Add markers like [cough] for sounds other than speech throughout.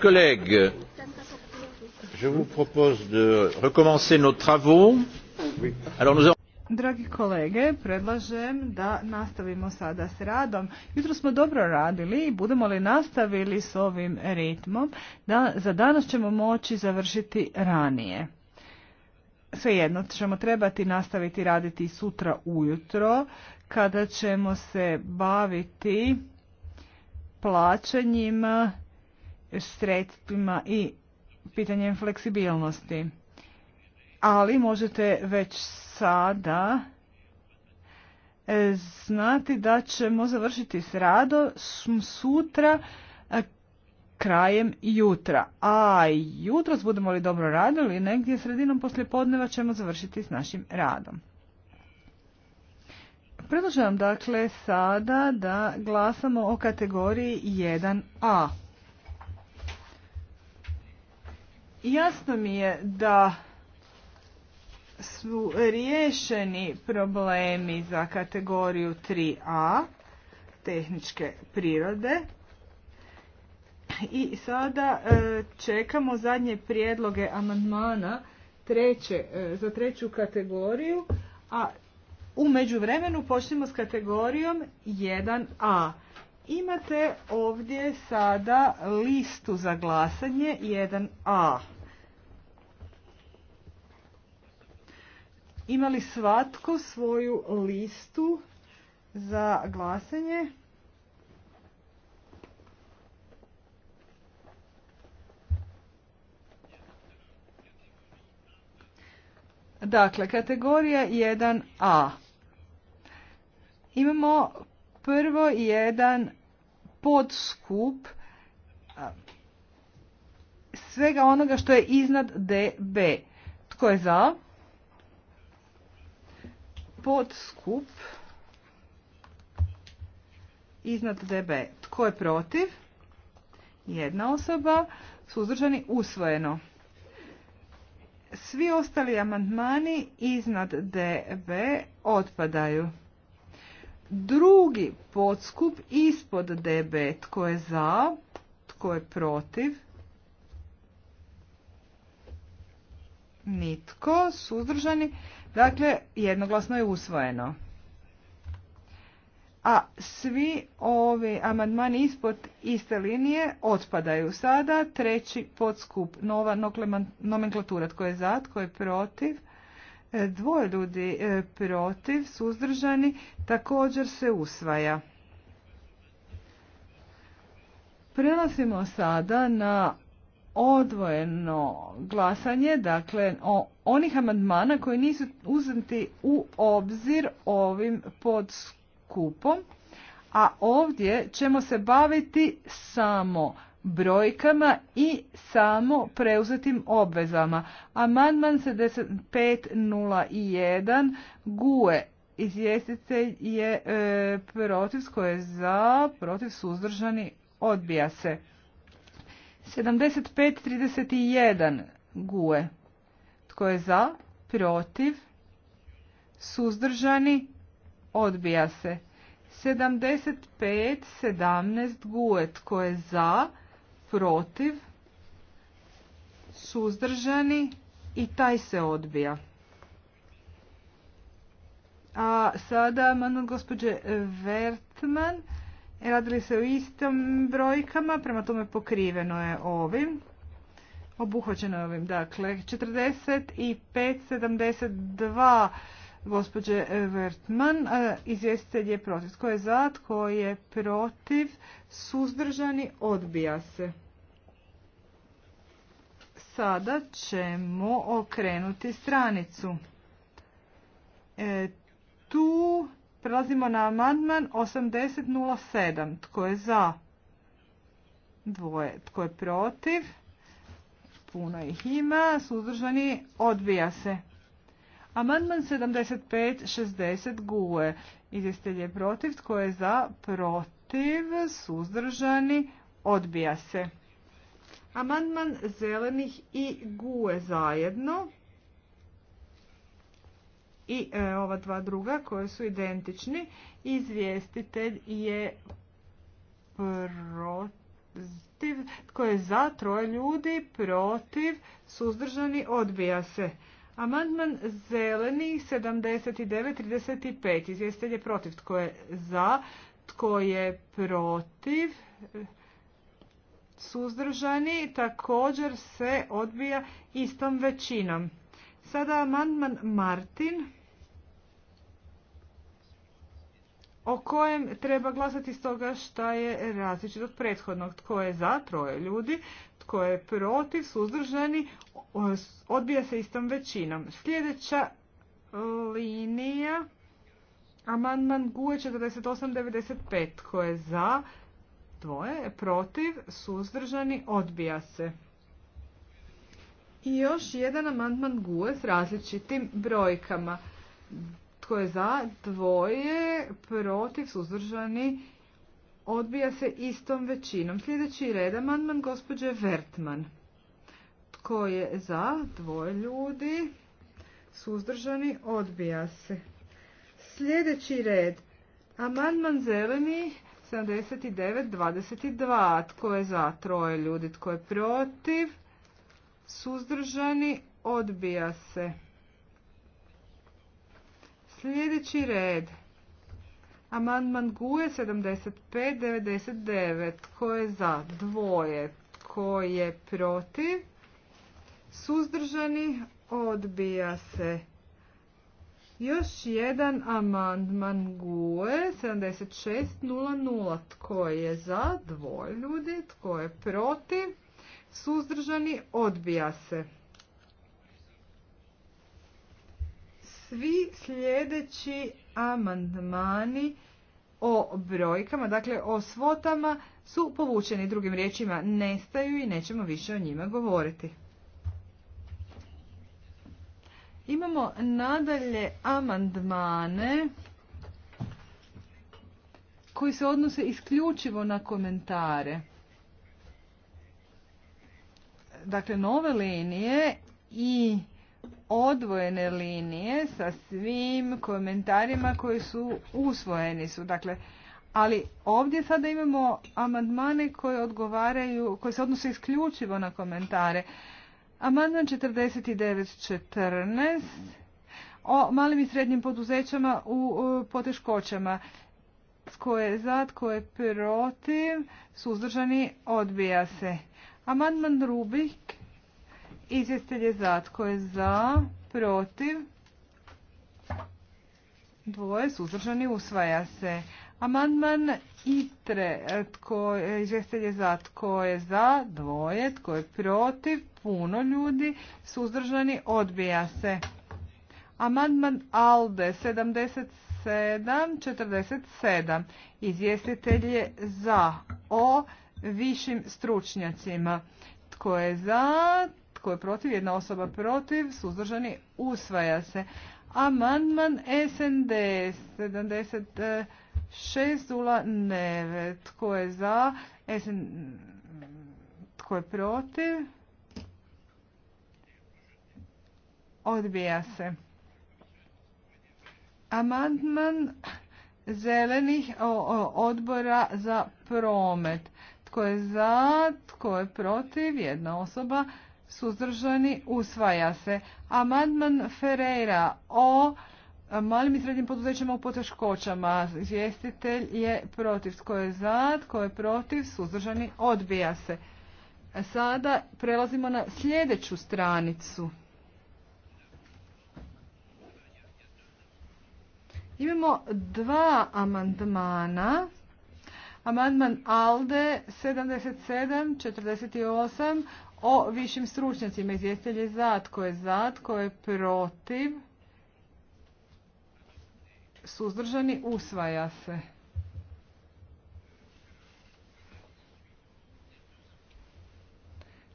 collègues, je vous propose de recommencer nos travaux. Dragi kolege, predlažem da nastavimo sada s radom. Jutro smo dobro radili i budemo li nastavili s ovim ritmom, da za danas ćemo moći završiti ranije. Svejedno ćemo trebati nastaviti raditi sutra ujutro kada ćemo se baviti plaćanjima, sredstvima i pitanjem fleksibilnosti. Ali možete već sada e, znati da ćemo završiti s radom sutra e, krajem jutra. A jutros budemo li dobro radili, negdje sredinom poslijepodneva ćemo završiti s našim radom. Predlažem dakle sada da glasamo o kategoriji 1a. Jasno mi je da su riješeni problemi za kategoriju 3a tehničke prirode i sada e, čekamo zadnje prijedloge amandmana e, za treću kategoriju a u međuvremenu počnemo s kategorijom 1a. Imate ovdje sada listu za glasanje 1a. Ima li svatko svoju listu za glasanje? Dakle, kategorija 1a. Imamo prvo jedan podskup svega onoga što je iznad DB. Tko je za? Podskup iznad DB. Tko je protiv? Jedna osoba. Suzdržani usvojeno. Svi ostali amandmani iznad DB otpadaju. Drugi podskup ispod DB, tko je za, tko je protiv, nitko, suzdržani, dakle jednoglasno je usvojeno. A svi ovi amandmani ispod iste linije otpadaju sada. Treći podskup, nova nomenklatura, tko je za, tko je protiv, dvoje ljudi e, protiv, suzdržani, također se usvaja. Prelazimo sada na odvojeno glasanje, dakle o onih amandmana koji nisu uzeti u obzir ovim podskupom, a ovdje ćemo se baviti samo brojkama i samo preuzetim obvezama. Amandman 7501 GUE izvjestitelj je e, protiv, tko je za, protiv suzdržani, odbija se. 7531 GUE, tko je za, protiv, suzdržani, odbija se. 7517 GUE, tko je za, protiv, suzdržani i taj se odbija. A sada mandat gospođe Vertman. Radili se o istim brojkama, prema tome pokriveno je ovim. Obuhvaćeno je ovim, dakle, 45.72 gospođe Vertman. Izvjestitelj je protiv. Tko je za, tko je protiv, suzdržani, odbija se. Sada ćemo okrenuti stranicu. E, tu prelazimo na amandman 80.07. Tko je za? Dvoje. Tko je protiv? Puno ih ima. Suzdržani odbija se. Amandman 75.60 guje. Izvjestelj je protiv. Tko je za? Protiv. Suzdržani odbija se. Amandman zelenih i guje zajedno i e, ova dva druga koje su identični. Izvjestitelj je protiv, tko je za troje ljudi, protiv, suzdržani, odbija se. Amandman zeleni 79.35. Izvjestitelj je protiv. Tko je za? Tko je protiv? suzdržani također se odbija istom većinom. Sada amandman Martin o kojem treba glasati stoga šta je različit od prethodnog. Tko je za, troje ljudi, tko je protiv, suzdržani, odbija se istom većinom. Sljedeća e, linija, amandman GUE 4895, tko je za, dvoje, protiv, suzdržani, odbija se. I još jedan amandman guje s različitim brojkama. Tko je za? Dvoje, protiv, suzdržani, odbija se istom većinom. Sljedeći red amandman gospođe Vertman. Tko je za? Dvoje ljudi, suzdržani, odbija se. Sljedeći red. Amandman zeleni 79, 22. Tko je za? Troje ljudi. Tko je protiv? Suzdržani. Odbija se. Sljedeći red. Amandman Guje 75, 99. Tko je za? Dvoje. Tko je protiv? Suzdržani. Odbija se. Još jedan amandman GUE 76.00. Tko je za? Dvoje ljudi. Tko je protiv? Suzdržani odbija se. Svi sljedeći amandmani o brojkama, dakle o svotama, su povučeni drugim riječima, nestaju i nećemo više o njima govoriti. Imamo nadalje amandmane koji se odnose isključivo na komentare. Dakle, nove linije i odvojene linije sa svim komentarima koji su usvojeni su. Dakle, ali ovdje sada imamo amandmane koji odgovaraju, koji se odnose isključivo na komentare. Amandman 49.14 o malim i srednjim poduzećama u poteškoćama. Tko je za, tko je protiv, suzdržani, odbija se. Amandman Rubik, izvjestelje za, tko je za, protiv, dvoje, suzdržani, usvaja se. Amandman ITRE, tko za, tko je za, dvoje, tko je protiv, puno ljudi, suzdržani, odbija se. Amandman Alde 77 47. Izvjestitelj je za o višim stručnjacima. Tko je za, tko je protiv, jedna osoba protiv, suzdržani, usvaja se. Amandman SND 76.09. Tko je za, tko je protiv, Odbija se. Amandman zelenih odbora za promet. Tko je za, tko je protiv, jedna osoba, suzdržani, usvaja se. Amandman Ferreira o malim i srednjim poduzećima u poteškoćama. Izvjestitelj je protiv. Tko je za, tko je protiv, suzdržani, odbija se. Sada prelazimo na sljedeću stranicu. Imamo dva amandmana. Amandman ALDE 77-48 o višim stručnjacima. Izvjestelj je za, tko je za, tko je protiv. Suzdržani usvaja se.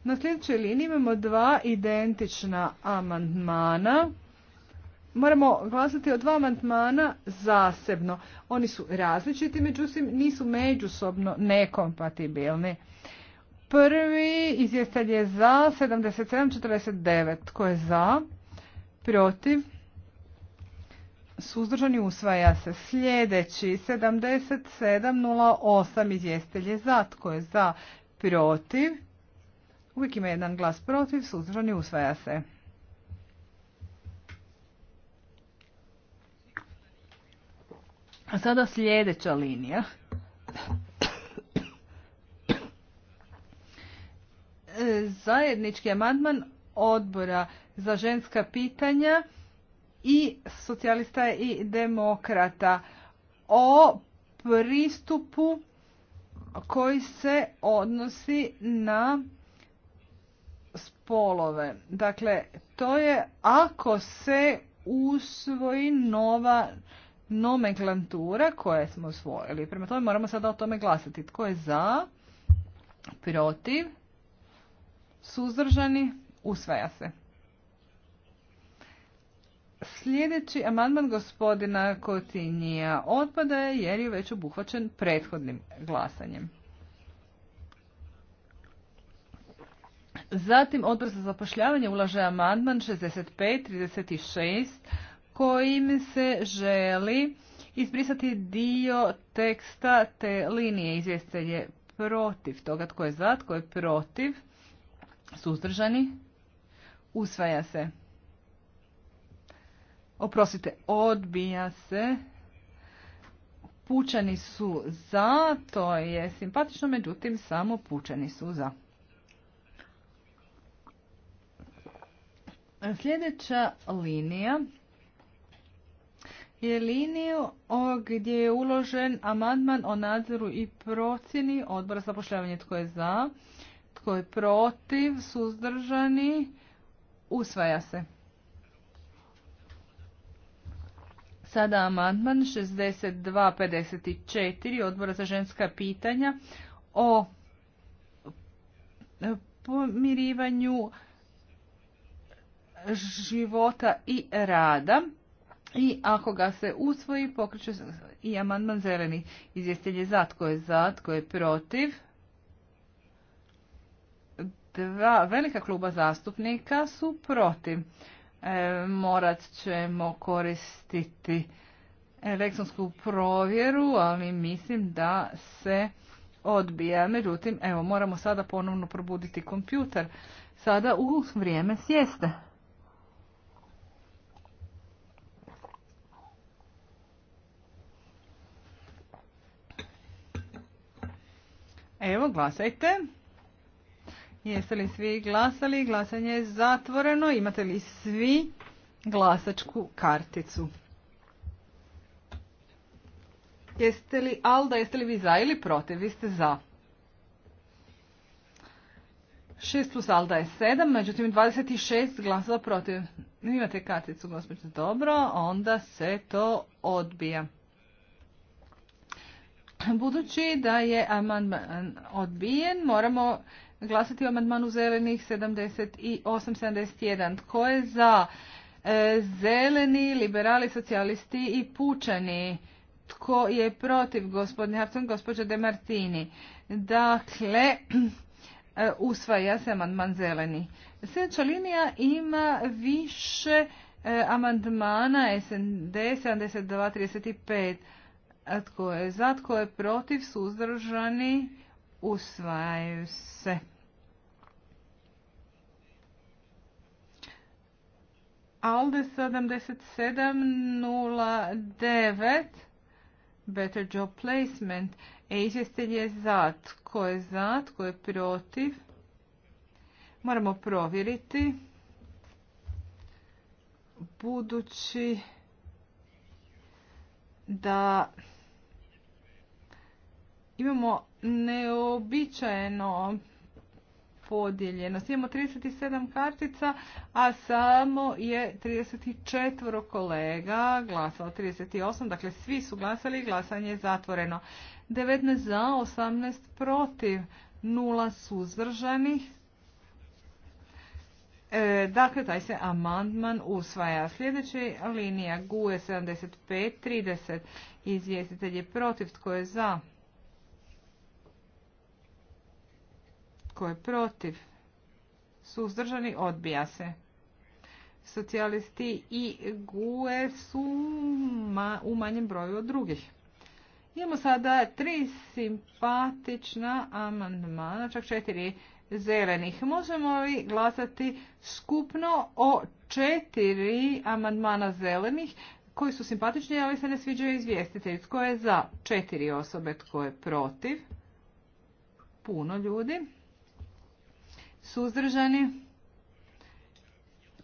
Na sljedećoj liniji imamo dva identična amandmana. Moramo glasati o dva amandmana zasebno. Oni su različiti, međutim nisu međusobno nekompatibilni. Prvi izvjestelj je za 77.49. Tko je za? Protiv? Suzdržani usvaja se. Sljedeći 77.08. Izvjestelj je za. Tko je za? Protiv? Uvijek ima jedan glas protiv. Suzdržani usvaja se. A sada sljedeća linija. Zajednički amandman odbora za ženska pitanja i socijalista i demokrata o pristupu koji se odnosi na spolove. Dakle, to je ako se usvoji nova nomenklatura koje smo usvojili. Prema tome moramo sada o tome glasati. Tko je za, protiv, suzdržani, usvaja se. Sljedeći amandman gospodina Kotinija otpada jer je već obuhvaćen prethodnim glasanjem. Zatim odbor za zapošljavanje ulaže amandman 65, 36, kojim se želi izbrisati dio teksta te linije. izvješće je protiv toga. Tko je za, tko je protiv? Suzdržani? Usvaja se. Oprostite, odbija se. Pučani su za, to je simpatično, međutim samo pučani su za. Sljedeća linija je liniju gdje je uložen amandman o nadzoru i procjeni odbora pošljavanje Tko je za? Tko je protiv? Suzdržani? Usvaja se. Sada amandman 6254 odbora za ženska pitanja o pomirivanju života i rada. I ako ga se usvoji, pokreće se i amandman zeleni. Izvjestelj za, tko je za, tko je protiv. Dva velika kluba zastupnika su protiv. E, morat ćemo koristiti elektronsku provjeru, ali mislim da se odbija. Međutim, evo, moramo sada ponovno probuditi kompjuter. Sada u vrijeme sjeste. Evo, glasajte. Jeste li svi glasali? Glasanje je zatvoreno. Imate li svi glasačku karticu? Jeste li Alda, jeste li vi za ili protiv? Vi ste za. 6 plus Alda je 7, međutim 26 glasova protiv. Imate karticu, gospođo, dobro, onda se to odbija. Budući da je amandman odbijen, moramo glasati o amandmanu zelenih 78 Tko je za e, zeleni, liberali, socijalisti i pučani? Tko je protiv gospodine Harcon, gospođa De Martini? Dakle, e, usvaja se amandman zeleni. Sljedeća linija ima više e, amandmana SND 72 35. Tko je za, tko je protiv, suzdržani, usvajaju se. Alde 7709 Better Job Placement. E, je za. Tko je za, tko je protiv? Moramo provjeriti. Budući da imamo neobičajeno podijeljenost. Imamo 37 kartica, a samo je 34 kolega glasalo. 38, dakle svi su glasali i glasanje je zatvoreno. 19 za, 18 protiv, 0 suzdržanih. E, dakle, taj se amandman usvaja. Sljedeća linija GUE 75-30. Izvjestitelj je protiv, tko je za? Tko je protiv? Suzdržani odbija se. Socijalisti i GUE su u manjem broju od drugih. Imamo sada tri simpatična amandmana, čak četiri zelenih. Možemo li glasati skupno o četiri amandmana zelenih koji su simpatični, ali se ne sviđaju izvjestitelj. Tko je za četiri osobe, tko je protiv? Puno ljudi suzdržani.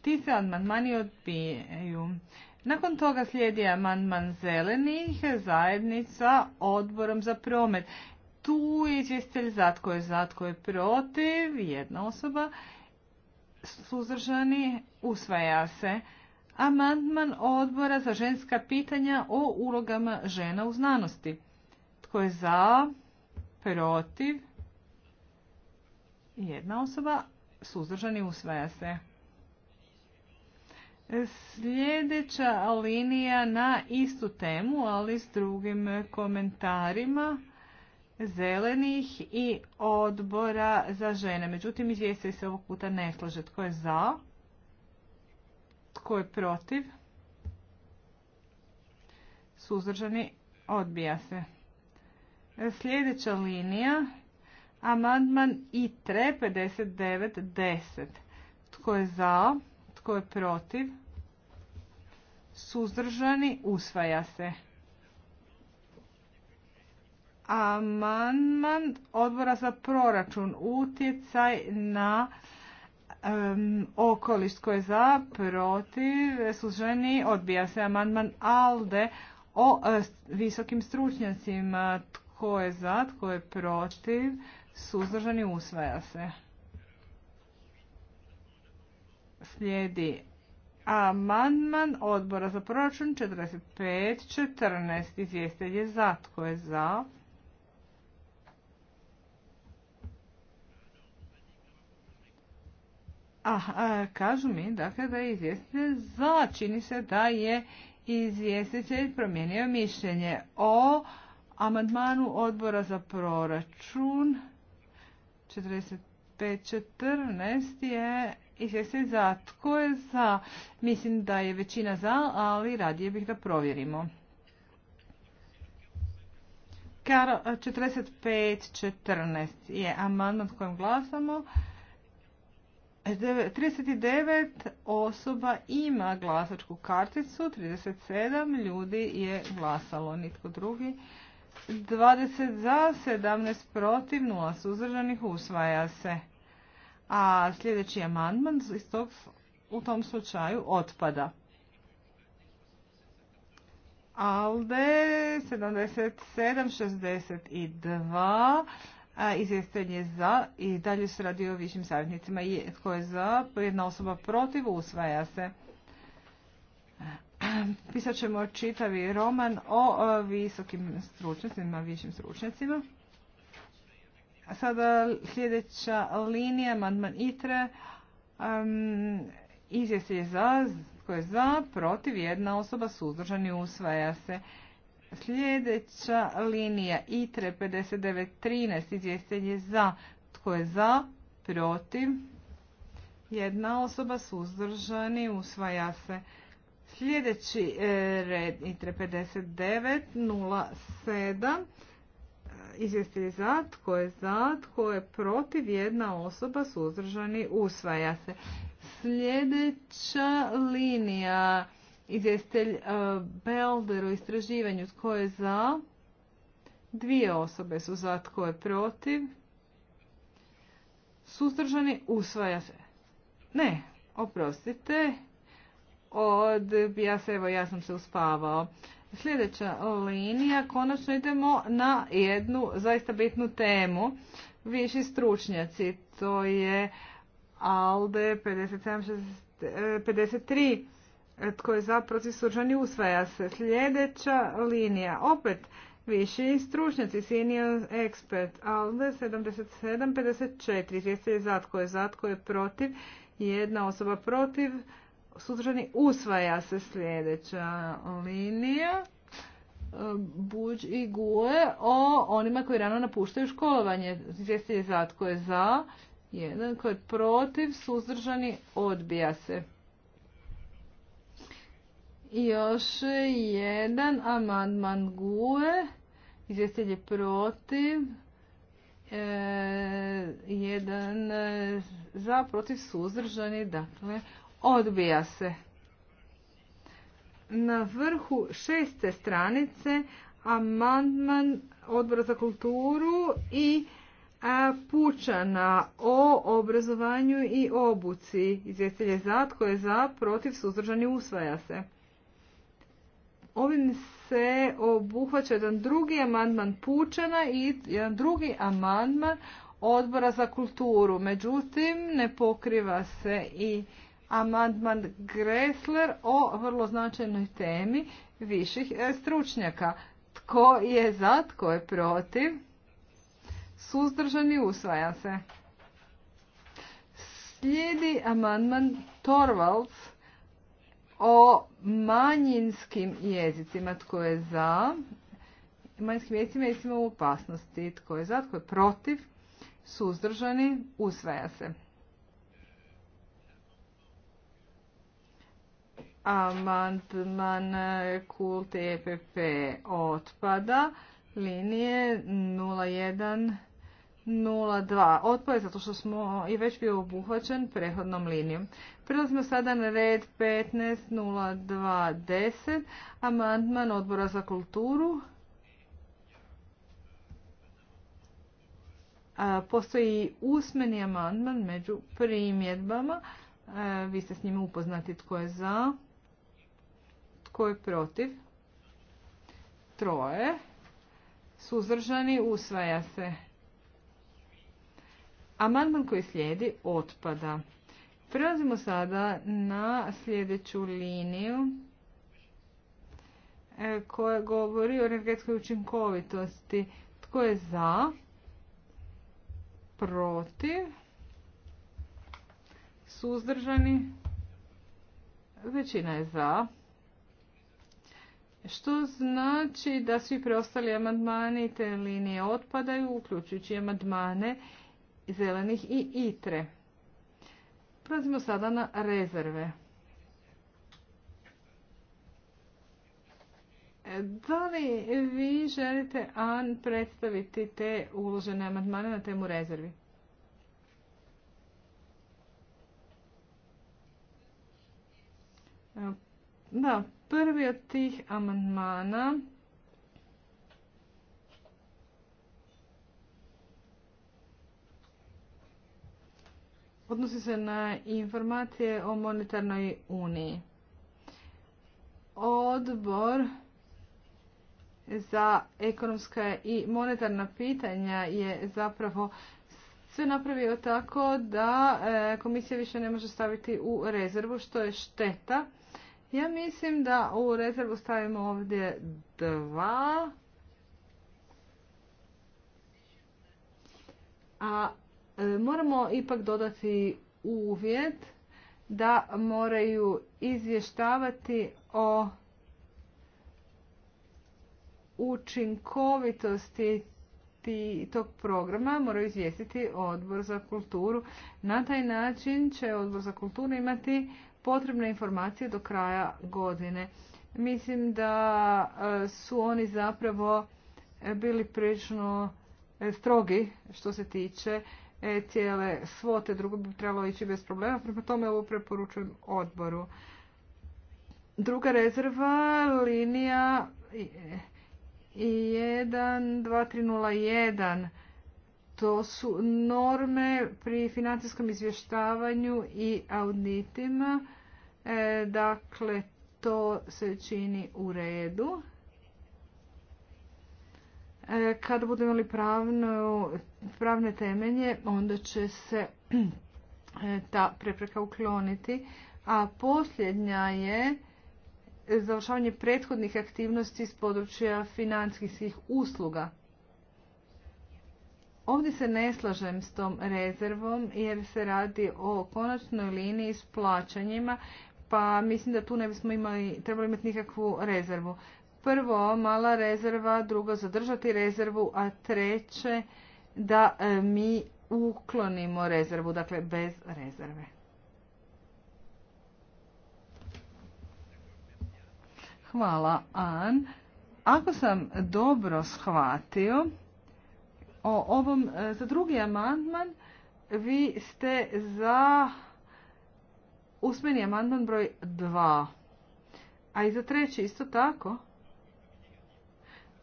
Ti se amandmani odbijaju. Nakon toga slijedi amandman zelenih zajednica odborom za promet. Tu je čistelj za tko je za je protiv, jedna osoba, suzdržani, usvaja se. Amandman odbora za ženska pitanja o ulogama žena u znanosti. Tko je za, protiv, jedna osoba, suzdržani usvaja se. Sljedeća linija na istu temu, ali s drugim komentarima zelenih i odbora za žene. Međutim, izvješće se ovog puta ne slaže. Tko je za? Tko je protiv? Suzdržani odbija se. Sljedeća linija Amandman IT 59.10. Tko je za? Tko je protiv? Suzdržani? Usvaja se. Amandman odbora za proračun. Utjecaj na um, okoliš. Tko je za? Protiv? Suzdržani? Odbija se. Amandman ALDE o e, visokim stručnjacima. Tko tko je za? Tko je protiv? Suzdržani usvaja se. Slijedi amandman odbora za proračun 45.14. Izvijestelj je za. Tko je za? aha kažu mi dakle, da je izvjestitelj za. Čini se da je izvjestitelj promijenio mišljenje o Amandmanu odbora za proračun 45.14 je se za tko je za. Mislim da je većina za, ali radije bih da provjerimo. 45.14 je amandman kojem glasamo. 39 osoba ima glasačku karticu, 37 ljudi je glasalo, nitko drugi. 20 za, 17 protiv, 0 suzdržanih usvaja se. A sljedeći amandman iz u tom slučaju otpada. Alde 77-62 izvjestitelj je za i dalje se radi o višim savjetnicima. Tko je za? Jedna osoba protiv usvaja se pisat ćemo čitavi roman o visokim stručnjacima, višim stručnjacima. A sada sljedeća linija, Madman Itre, um, je za, koje je za, protiv, jedna osoba, suzdržani, usvaja se. Sljedeća linija ITRE 5913 je za. Tko je za? Protiv. Jedna osoba suzdržani usvaja se. Sljedeći e, red ITRE 59.07. E, za, tko je za, tko je protiv, jedna osoba suzdržani usvaja se. Sljedeća linija izvjestitelj e, Belder u istraživanju tko je za, dvije osobe su za, tko je protiv, suzdržani usvaja se. Ne, oprostite, ja se, evo ja sam se uspavao. Sljedeća linija, konačno idemo na jednu zaista bitnu temu. Viši stručnjaci, to je ALDE 57, 53, eh, tko je za protiv suđani usvaja se. Sljedeća linija, opet viši stručnjaci, senior expert, ALDE 77, 54, izvjestitelj za, tko je za, tko je protiv, jedna osoba protiv, suzdržani usvaja se sljedeća linija Buđ i Guje. o onima koji rano napuštaju školovanje. Izvjestitelj za tko je za, jedan koji je protiv, suzdržani odbija se. I još jedan amandman Guje. izvjestitelj je protiv, e, jedan e, za, protiv, suzdržani, dakle Odbija se. Na vrhu šeste stranice amandman odbora za kulturu i e, pučana o obrazovanju i obuci. izvjetelje za, tko je za, protiv, suzdržani, usvaja se. Ovim se obuhvaća jedan drugi amandman pučana i jedan drugi amandman odbora za kulturu. Međutim, ne pokriva se i amandman Gressler o vrlo značajnoj temi viših e, stručnjaka. Tko je za, tko je protiv? Suzdržani usvaja se. Slijedi amandman Torvalds o manjinskim jezicima. Tko je za? Manjinskim jezicima jezicima u opasnosti. Tko je za, tko je protiv? Suzdržani usvaja se. Amandman e, Kult EPP otpada. Linije 0102. Otpada je zato što smo i već bio obuhvaćen prehodnom linijom. Prilazimo sada na red 15.02.10. Amandman odbora za kulturu. E, postoji usmeni amandman među primjedbama. E, vi ste s njim upoznati tko je za. Tko je protiv? Troje. Suzdržani usvaja se. Amandman koji slijedi otpada. Prelazimo sada na sljedeću liniju e, koja govori o energetskoj učinkovitosti. Tko je za? Protiv? Suzdržani? Većina je za što znači da svi preostali amandmani te linije otpadaju, uključujući amandmane zelenih i itre. Prelazimo sada na rezerve. E, da li vi želite, An, predstaviti te uložene amandmane na temu rezervi? E, da, Prvi od tih amandmana odnosi se na informacije o monetarnoj uniji. Odbor za ekonomska i monetarna pitanja je zapravo sve napravio tako da e, komisija više ne može staviti u rezervu, što je šteta ja mislim da u rezervu stavimo ovdje dva. A e, moramo ipak dodati uvjet da moraju izvještavati o učinkovitosti tog programa moraju izvijestiti odbor za kulturu. Na taj način će odbor za kulturu imati potrebne informacije do kraja godine. Mislim da e, su oni zapravo e, bili prilično e, strogi što se tiče cijele svote, drugo bi trebalo ići bez problema, prema tome ovo preporučujem odboru. Druga rezerva, linija 12301 to su norme pri financijskom izvještavanju i auditima. E, dakle, to se čini u redu. E, kada budemo imali pravne temelje, onda će se e, ta prepreka ukloniti. A posljednja je završavanje prethodnih aktivnosti iz područja financijskih usluga. Ovdje se ne slažem s tom rezervom jer se radi o konačnoj liniji s plaćanjima, pa mislim da tu ne bismo imali, trebali imati nikakvu rezervu. Prvo, mala rezerva, drugo, zadržati rezervu, a treće, da e, mi uklonimo rezervu, dakle bez rezerve. Hvala, An. Ako sam dobro shvatio, o ovom, e, za drugi amandman vi ste za usmeni amandman broj 2. A i za treći isto tako?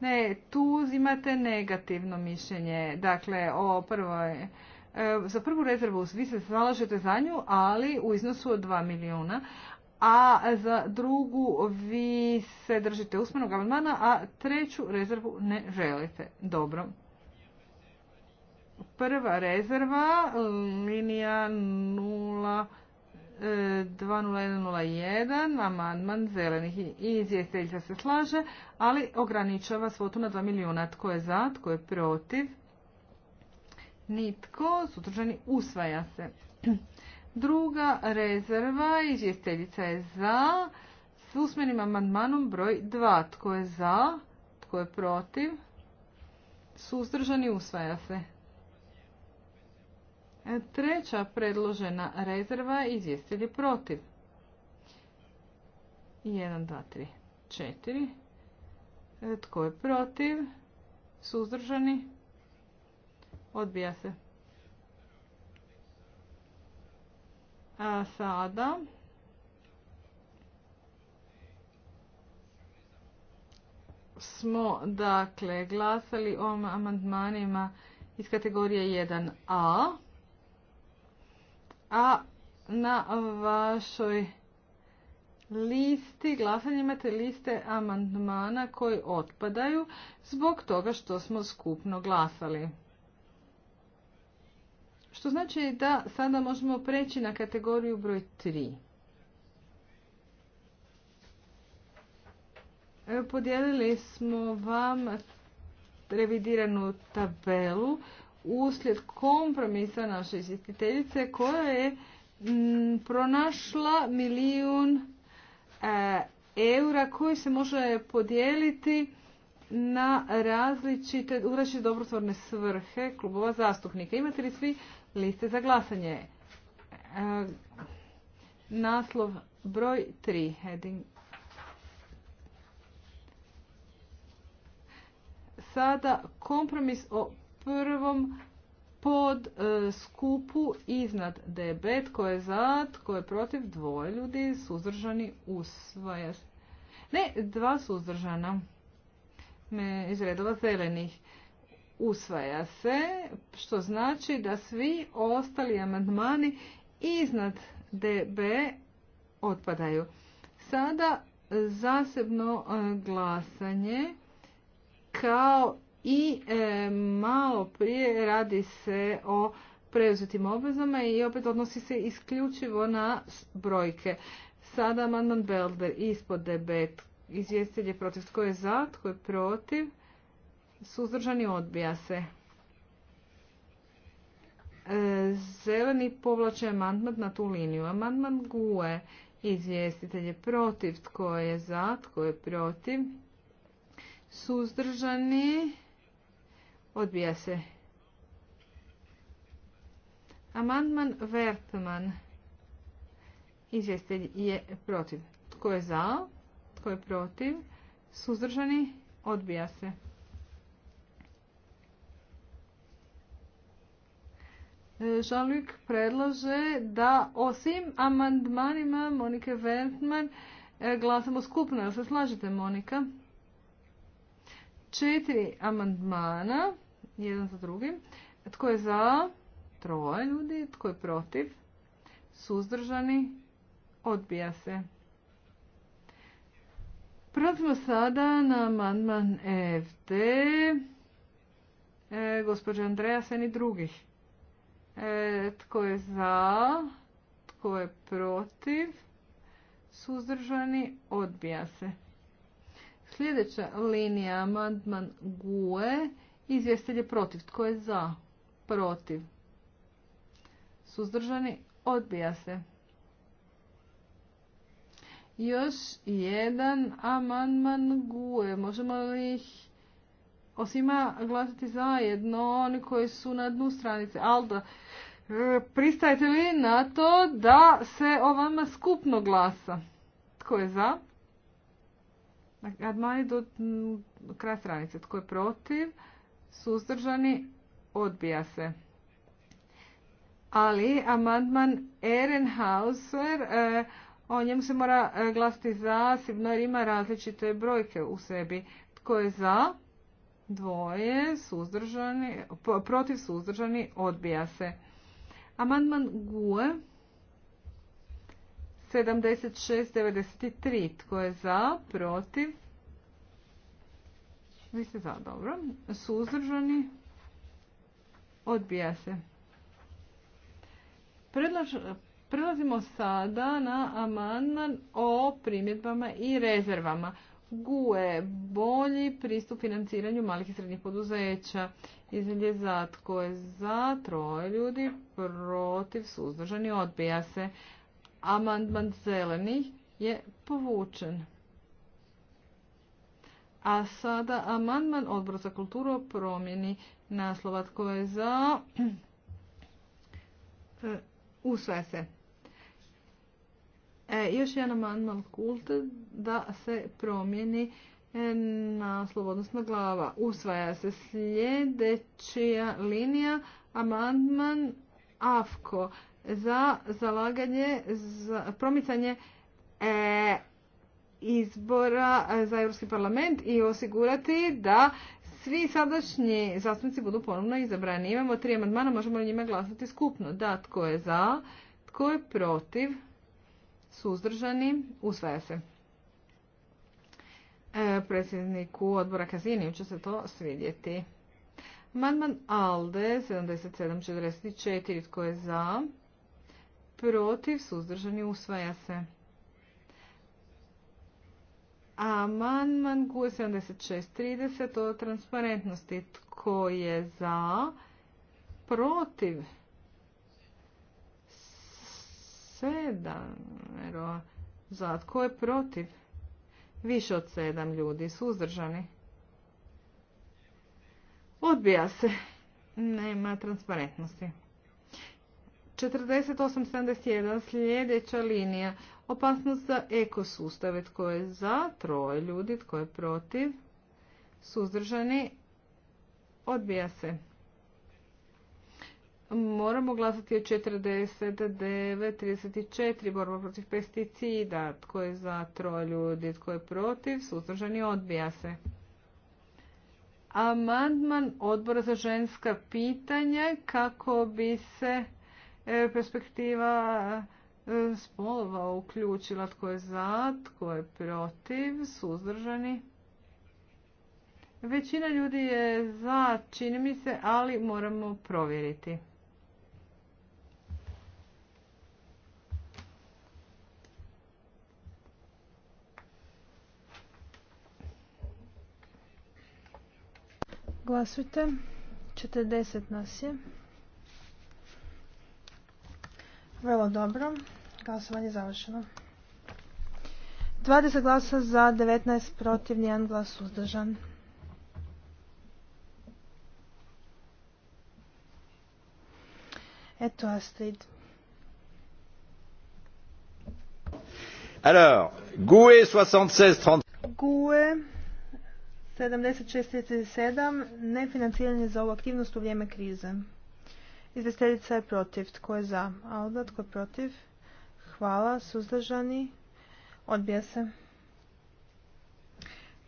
Ne, tu uzimate negativno mišljenje. Dakle, o prvoj, e, za prvu rezervu vi se zalažete za nju, ali u iznosu od 2 milijuna. A za drugu vi se držite usmenog amandmana, a treću rezervu ne želite. Dobro prva rezerva, linija 0, 20101, e, amandman zelenih i izvjestiteljica se slaže, ali ograničava svotu na 2 milijuna. Tko je za, tko je protiv? Nitko, sutržani usvaja se. Druga rezerva, izvjestiteljica je za, s usmenim amandmanom broj 2. Tko je za, tko je protiv? Suzdržani usvaja se. Treća predložena rezerva izvjestili protiv. 1, 2, 3, 4. Tko je protiv? Suzdržani? Odbija se. A sada... smo dakle glasali o amandmanima iz kategorije 1a. A na vašoj listi glasanje imate liste amandmana koji otpadaju zbog toga što smo skupno glasali. Što znači da sada možemo preći na kategoriju broj 3. Podijelili smo vam revidiranu tabelu uslijed kompromisa naše izvjestiteljice koja je mm, pronašla milijun e, eura koji se može podijeliti na različite, u dobrotvorne svrhe klubova zastupnika. Imate li svi liste za glasanje? E, naslov broj 3, heading sada kompromis o prvom pod e, skupu iznad DB, tko je za, tko je protiv, dvoje ljudi, suzdržani, usvaja se. Ne, dva suzdržana Me, iz redova zelenih. Usvaja se, što znači da svi ostali amandmani iznad DB otpadaju. Sada zasebno e, glasanje kao i e, malo prije radi se o preuzetim obvezama i opet odnosi se isključivo na brojke. Sada amandman Belder ispod debet. Izvjestitelj je protiv. Tko je za? Tko je protiv? Suzdržani odbija se. E, zeleni povlače amandman na tu liniju. Amandman GUE. Izvjestitelj je protiv. Tko je za? Tko je protiv? Suzdržani Odbija se. Amandman Vertman. Izvjestelj je protiv. Tko je za? Tko je protiv? Suzdržani? Odbija se. Žalik e, predlaže da osim amandmanima Monike Vertman e, glasamo skupno. Jel se slažete, Monika? Četiri amandmana, jedan za drugim. Tko je za? Troje ljudi. Tko je protiv? Suzdržani? Odbija se. Prelazimo sada na amandman EFT. E, gospođa Andreja i drugih. E, tko je za? Tko je protiv? Suzdržani? Odbija se. Sljedeća linija, amandman GUE, izvjestelj je protiv. Tko je za? Protiv. Suzdržani odbija se. Još jedan amandman GUE. Možemo li ih osima glasati zajedno oni koji su na dnu stranice? Alda, pristajete li na to da se o vama skupno glasa? Tko je za? Amandmani dakle, do mm, kraja stranice. Tko je protiv? Suzdržani? Odbija se. Ali amandman Ehrenhauser, e, o njemu se mora e, glasiti za, jer ima različite brojke u sebi. Tko je za? Dvoje, suzdržani, protiv suzdržani, odbija se. Amandman GUE, 76.93. Tko je za? Protiv? Vi ste za, dobro. Suzdržani? Odbija se. prelazimo sada na amandman o primjedbama i rezervama. GUE, bolji pristup financiranju malih i srednjih poduzeća. Iznad je za tko je za, troje ljudi, protiv, suzdržani, odbija se. Amandman zeleni je povučen. A sada amandman Odbor za kulturu promjeni naslova. Tko je za? [clears throat] Usvaja se. E, još jedan amandman kult da se promijeni e, naslov, odnosno glava. Usvaja se sljedeća linija amandman AFKO za zalaganje, za promicanje e, izbora e, za Europski parlament i osigurati da svi sadašnji zastupnici budu ponovno izabrani. Imamo tri amandmana, možemo o njima glasati skupno. Da, tko je za, tko je protiv, suzdržani, usvaja se. E, predsjedniku odbora Kaziniju će se to svidjeti. Amandman Alde, 77.44, tko je za, protiv, suzdržani, usvaja se. Amandman 76. 7630 o transparentnosti. Tko je za? Protiv? Sedam. Za. Tko je protiv? Više od sedam ljudi. Suzdržani. Odbija se. Nema transparentnosti. 4871 sljedeća linija. Opasnost za ekosustave. Tko je za? Troje ljudi. Tko je protiv? Suzdržani. Odbija se. Moramo glasati o 49.34. Borba protiv pesticida. Tko je za? Troje ljudi. Tko je protiv? Suzdržani. Odbija se. Amandman odbora za ženska pitanja kako bi se E, perspektiva e, spolova uključila tko je za, tko je protiv, suzdržani. Većina ljudi je za, čini mi se, ali moramo provjeriti. Glasujte. 40 nas je. Vrlo dobro. Glasovanje je završeno. 20 glasa za, 19 protiv, nijedan glas uzdržan. Eto Astrid. Alors, GUE 76-30... GUE 76-37, nefinanciranje za ovu aktivnost u vrijeme krize. Izvjestiteljica je protiv. Tko je za? Alda, tko je protiv? Hvala. Suzdržani? Odbija se.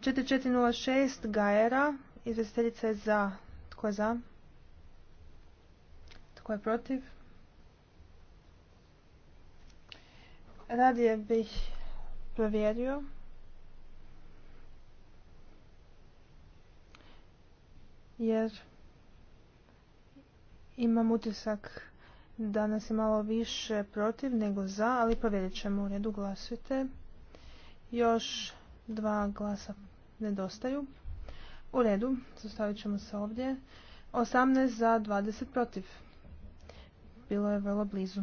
4406 Gajera. Izvjestiteljica je za. Tko je za? Tko je protiv? Radije bih provjerio. Jer imam utisak da nas je malo više protiv nego za, ali provjerit ćemo u redu. Glasujte. Još dva glasa nedostaju. U redu, zostavit ćemo se ovdje. 18 za 20 protiv. Bilo je vrlo blizu.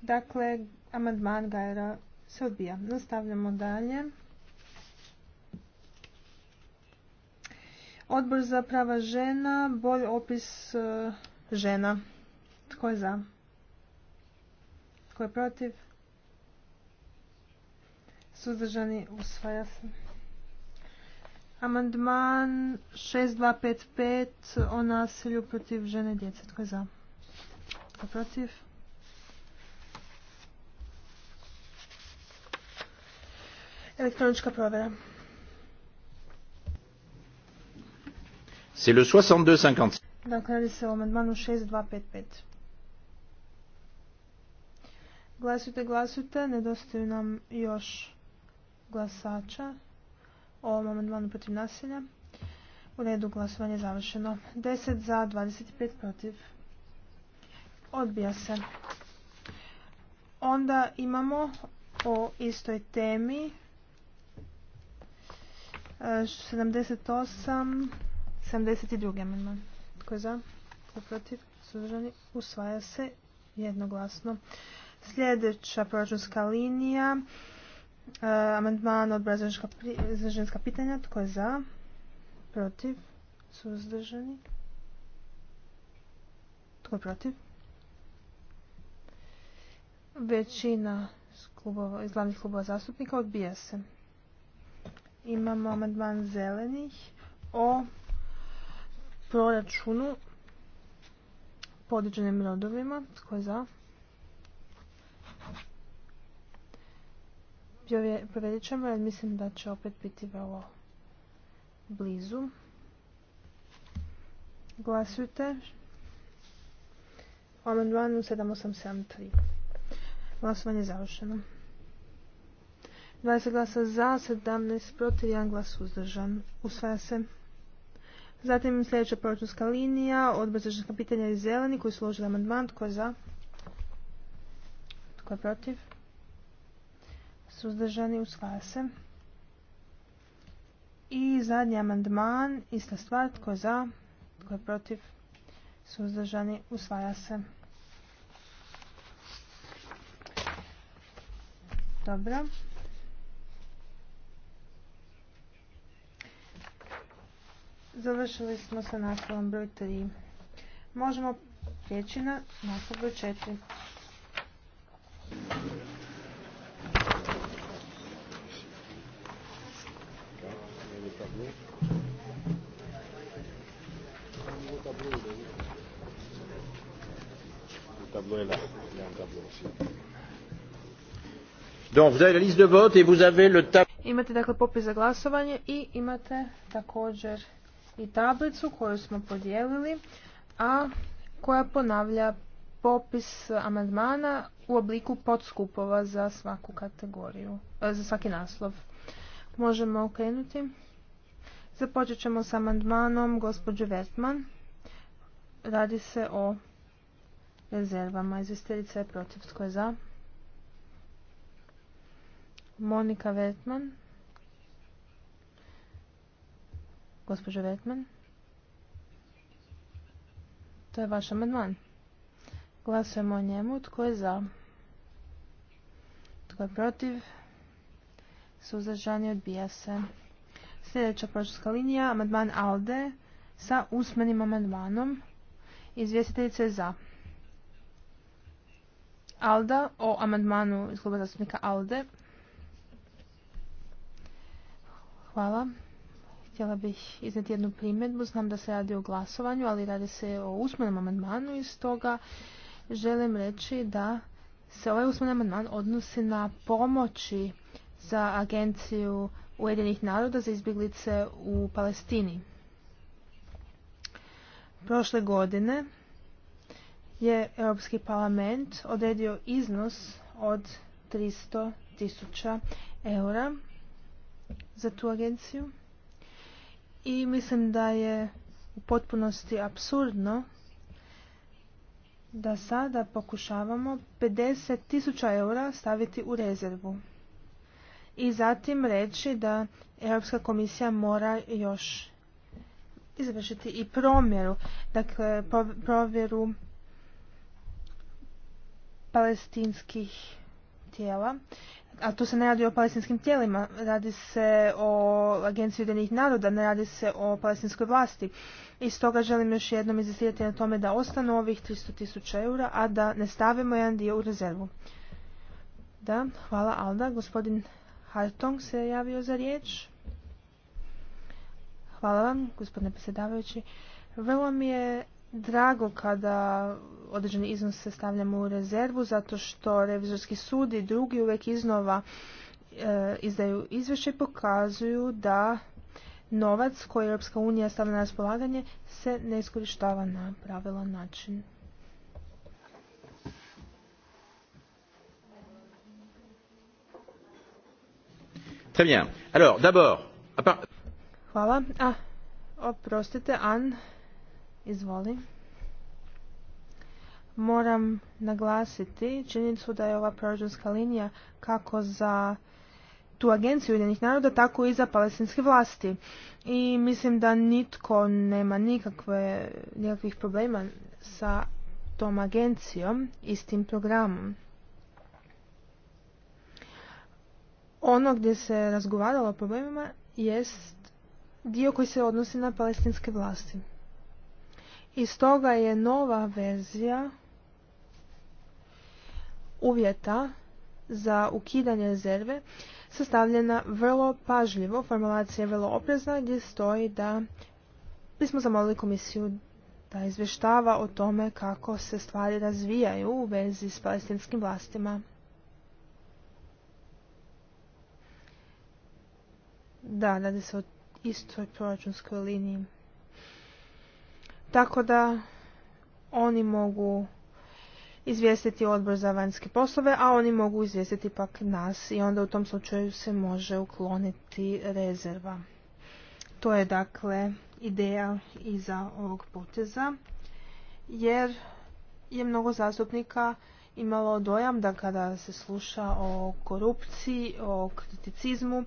Dakle, amandman Gajera se odbija. Nastavljamo dalje. Odbor za prava žena, bolj opis e, žena. Tko je za? Tko je protiv? Suzdržani usvaja se. Amandman 6255 o nasilju protiv žene i djece. Tko je za? Tko je protiv? Elektronička provjera. C'est le 62-56. Dakle, radi se o amandmanu 6255. Glasujte, glasujte, nedostaju nam još glasača o ovom protiv nasilja. U redu glasovanje je završeno. 10 za, 25 protiv. Odbija se. Onda imamo o istoj temi 78 e, 72. amandman. Tko je za? Tko protiv? Suzdržani? Usvaja se jednoglasno. Sljedeća proračunska linija. E, amandman odbora za ženska pitanja. Tko je za? Protiv? Suzdržani? Tko je protiv? Većina iz glavnih klubova zastupnika odbija se. Imamo amandman zelenih o proračunu podiđenim rodovima. Tko je za? Provjerit ćemo jer mislim da će opet biti vrlo blizu. Glasujte. O 7873. Glasovanje je završeno. 20 glasa za, 17 protiv, 1 glas uzdržan. Usvaja se. Zatim sljedeća proračunska linija, odbor za pitanja i zeleni koji su uložili amandman. Tko je za? Tko je protiv? Suzdržani usvaja se. I zadnji amandman, ista stvar, tko je za, tko je protiv, suzdržani, usvaja se. Dobro. Završili smo sa naslovom broj 3. Možemo prijeći na naslov broj 4. Donc vous avez la liste de vote et vous avez le tableau. Imate dakle popis za glasovanje i imate također i tablicu koju smo podijelili, a koja ponavlja popis amandmana u obliku podskupova za svaku kategoriju, e, za svaki naslov. Možemo okrenuti. Započet ćemo s amandmanom gospođe Vertman. Radi se o rezervama. Izvjestiteljica je protiv. Tko je za? Monika Vertman. Gospođo Vetman, to je vaš amandman. Glasujemo o njemu. Tko je za? Tko je protiv? Suzdržani odbija se. Sljedeća proračunska linija, amandman ALDE sa usmenim amandmanom. Izvjestiteljica je za. ALDA o amandmanu iz kluba zastupnika ALDE. Hvala. Htjela bih izneti jednu primjedbu. Znam da se radi o glasovanju, ali radi se o usmenom amandmanu i stoga želim reći da se ovaj usmeni amandman odnosi na pomoći za agenciju Ujedinih naroda za izbjeglice u Palestini. Prošle godine je Europski parlament odredio iznos od 300 tisuća eura za tu agenciju i mislim da je u potpunosti apsurdno da sada pokušavamo 50.000 tisuća eura staviti u rezervu i zatim reći da Europska komisija mora još izvršiti i promjeru, dakle provjeru palestinskih tijela a tu se ne radi o palestinskim tijelima, radi se o Agenciji Ujedinjenih naroda, ne radi se o palestinskoj vlasti. I stoga želim još jednom izvestirati na tome da ostanu ovih 300.000 tisuća eura, a da ne stavimo jedan dio u rezervu. Da, hvala Alda. Gospodin Hartong se javio za riječ. Hvala vam, gospodine predsjedavajući. Vrlo mi je drago kada određeni iznos se stavljamo u rezervu zato što revizorski sud i drugi uvijek iznova e, izdaju izvješće i pokazuju da novac koji Europska unija stavlja na raspolaganje se ne iskorištava na pravilan način. Hvala. oprostite, Anne. Izvoli. Moram naglasiti činjenicu da je ova proračunska linija kako za tu agenciju Ujedinjenih naroda, tako i za palestinske vlasti. I mislim da nitko nema nikakve, nikakvih problema sa tom agencijom i s tim programom. Ono gdje se razgovaralo o problemima jest dio koji se odnosi na palestinske vlasti i stoga je nova verzija uvjeta za ukidanje rezerve sastavljena vrlo pažljivo, formulacija je vrlo oprezna gdje stoji da smo zamolili komisiju da izvještava o tome kako se stvari razvijaju u vezi s palestinskim vlastima. Da, radi se o istoj proračunskoj liniji tako da oni mogu izvijestiti odbor za vanjske poslove, a oni mogu izvijestiti pak nas i onda u tom slučaju se može ukloniti rezerva. To je dakle ideja iza ovog poteza, jer je mnogo zastupnika imalo dojam da kada se sluša o korupciji, o kriticizmu,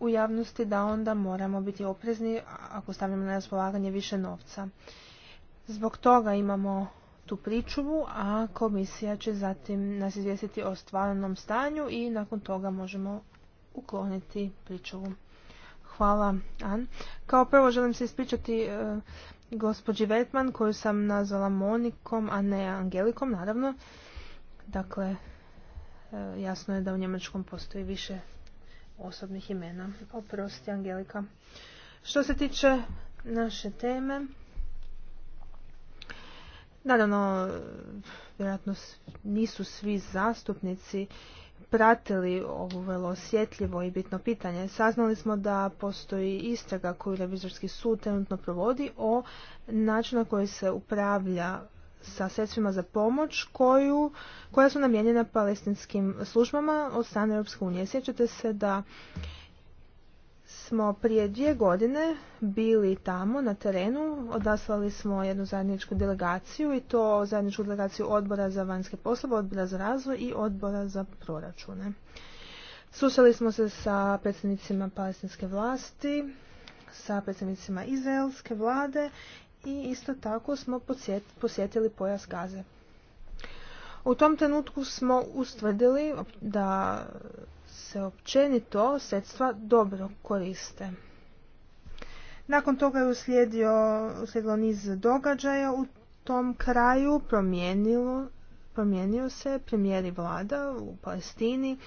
u javnosti da onda moramo biti oprezni ako stavljamo na raspolaganje više novca. Zbog toga imamo tu pričuvu, a komisija će zatim nas izvijestiti o stvarnom stanju i nakon toga možemo ukloniti pričuvu. Hvala, An. Kao prvo želim se ispričati e, gospođi Vetman, koju sam nazvala Monikom, a ne Angelikom, naravno. Dakle, e, jasno je da u Njemačkom postoji više osobnih imena. Oprosti, Angelika. Što se tiče naše teme, naravno, vjerojatno nisu svi zastupnici pratili ovo vrlo osjetljivo i bitno pitanje. Saznali smo da postoji istraga koju revizorski sud trenutno provodi o načinu na koji se upravlja sa sredstvima za pomoć koju, koja su namijenjena palestinskim službama od strane Europske unije. Sjećate se da smo prije dvije godine bili tamo na terenu, odaslali smo jednu zajedničku delegaciju i to zajedničku delegaciju odbora za vanjske poslove, odbora za razvoj i odbora za proračune. Susreli smo se sa predsjednicima palestinske vlasti, sa predsjednicima izraelske vlade i isto tako smo posjetili pojas gaze. U tom trenutku smo ustvrdili da se općenito sredstva dobro koriste. Nakon toga je uslijedio, uslijedilo niz događaja u tom kraju, promijenilo, promijenio se premijer i vlada u Palestini,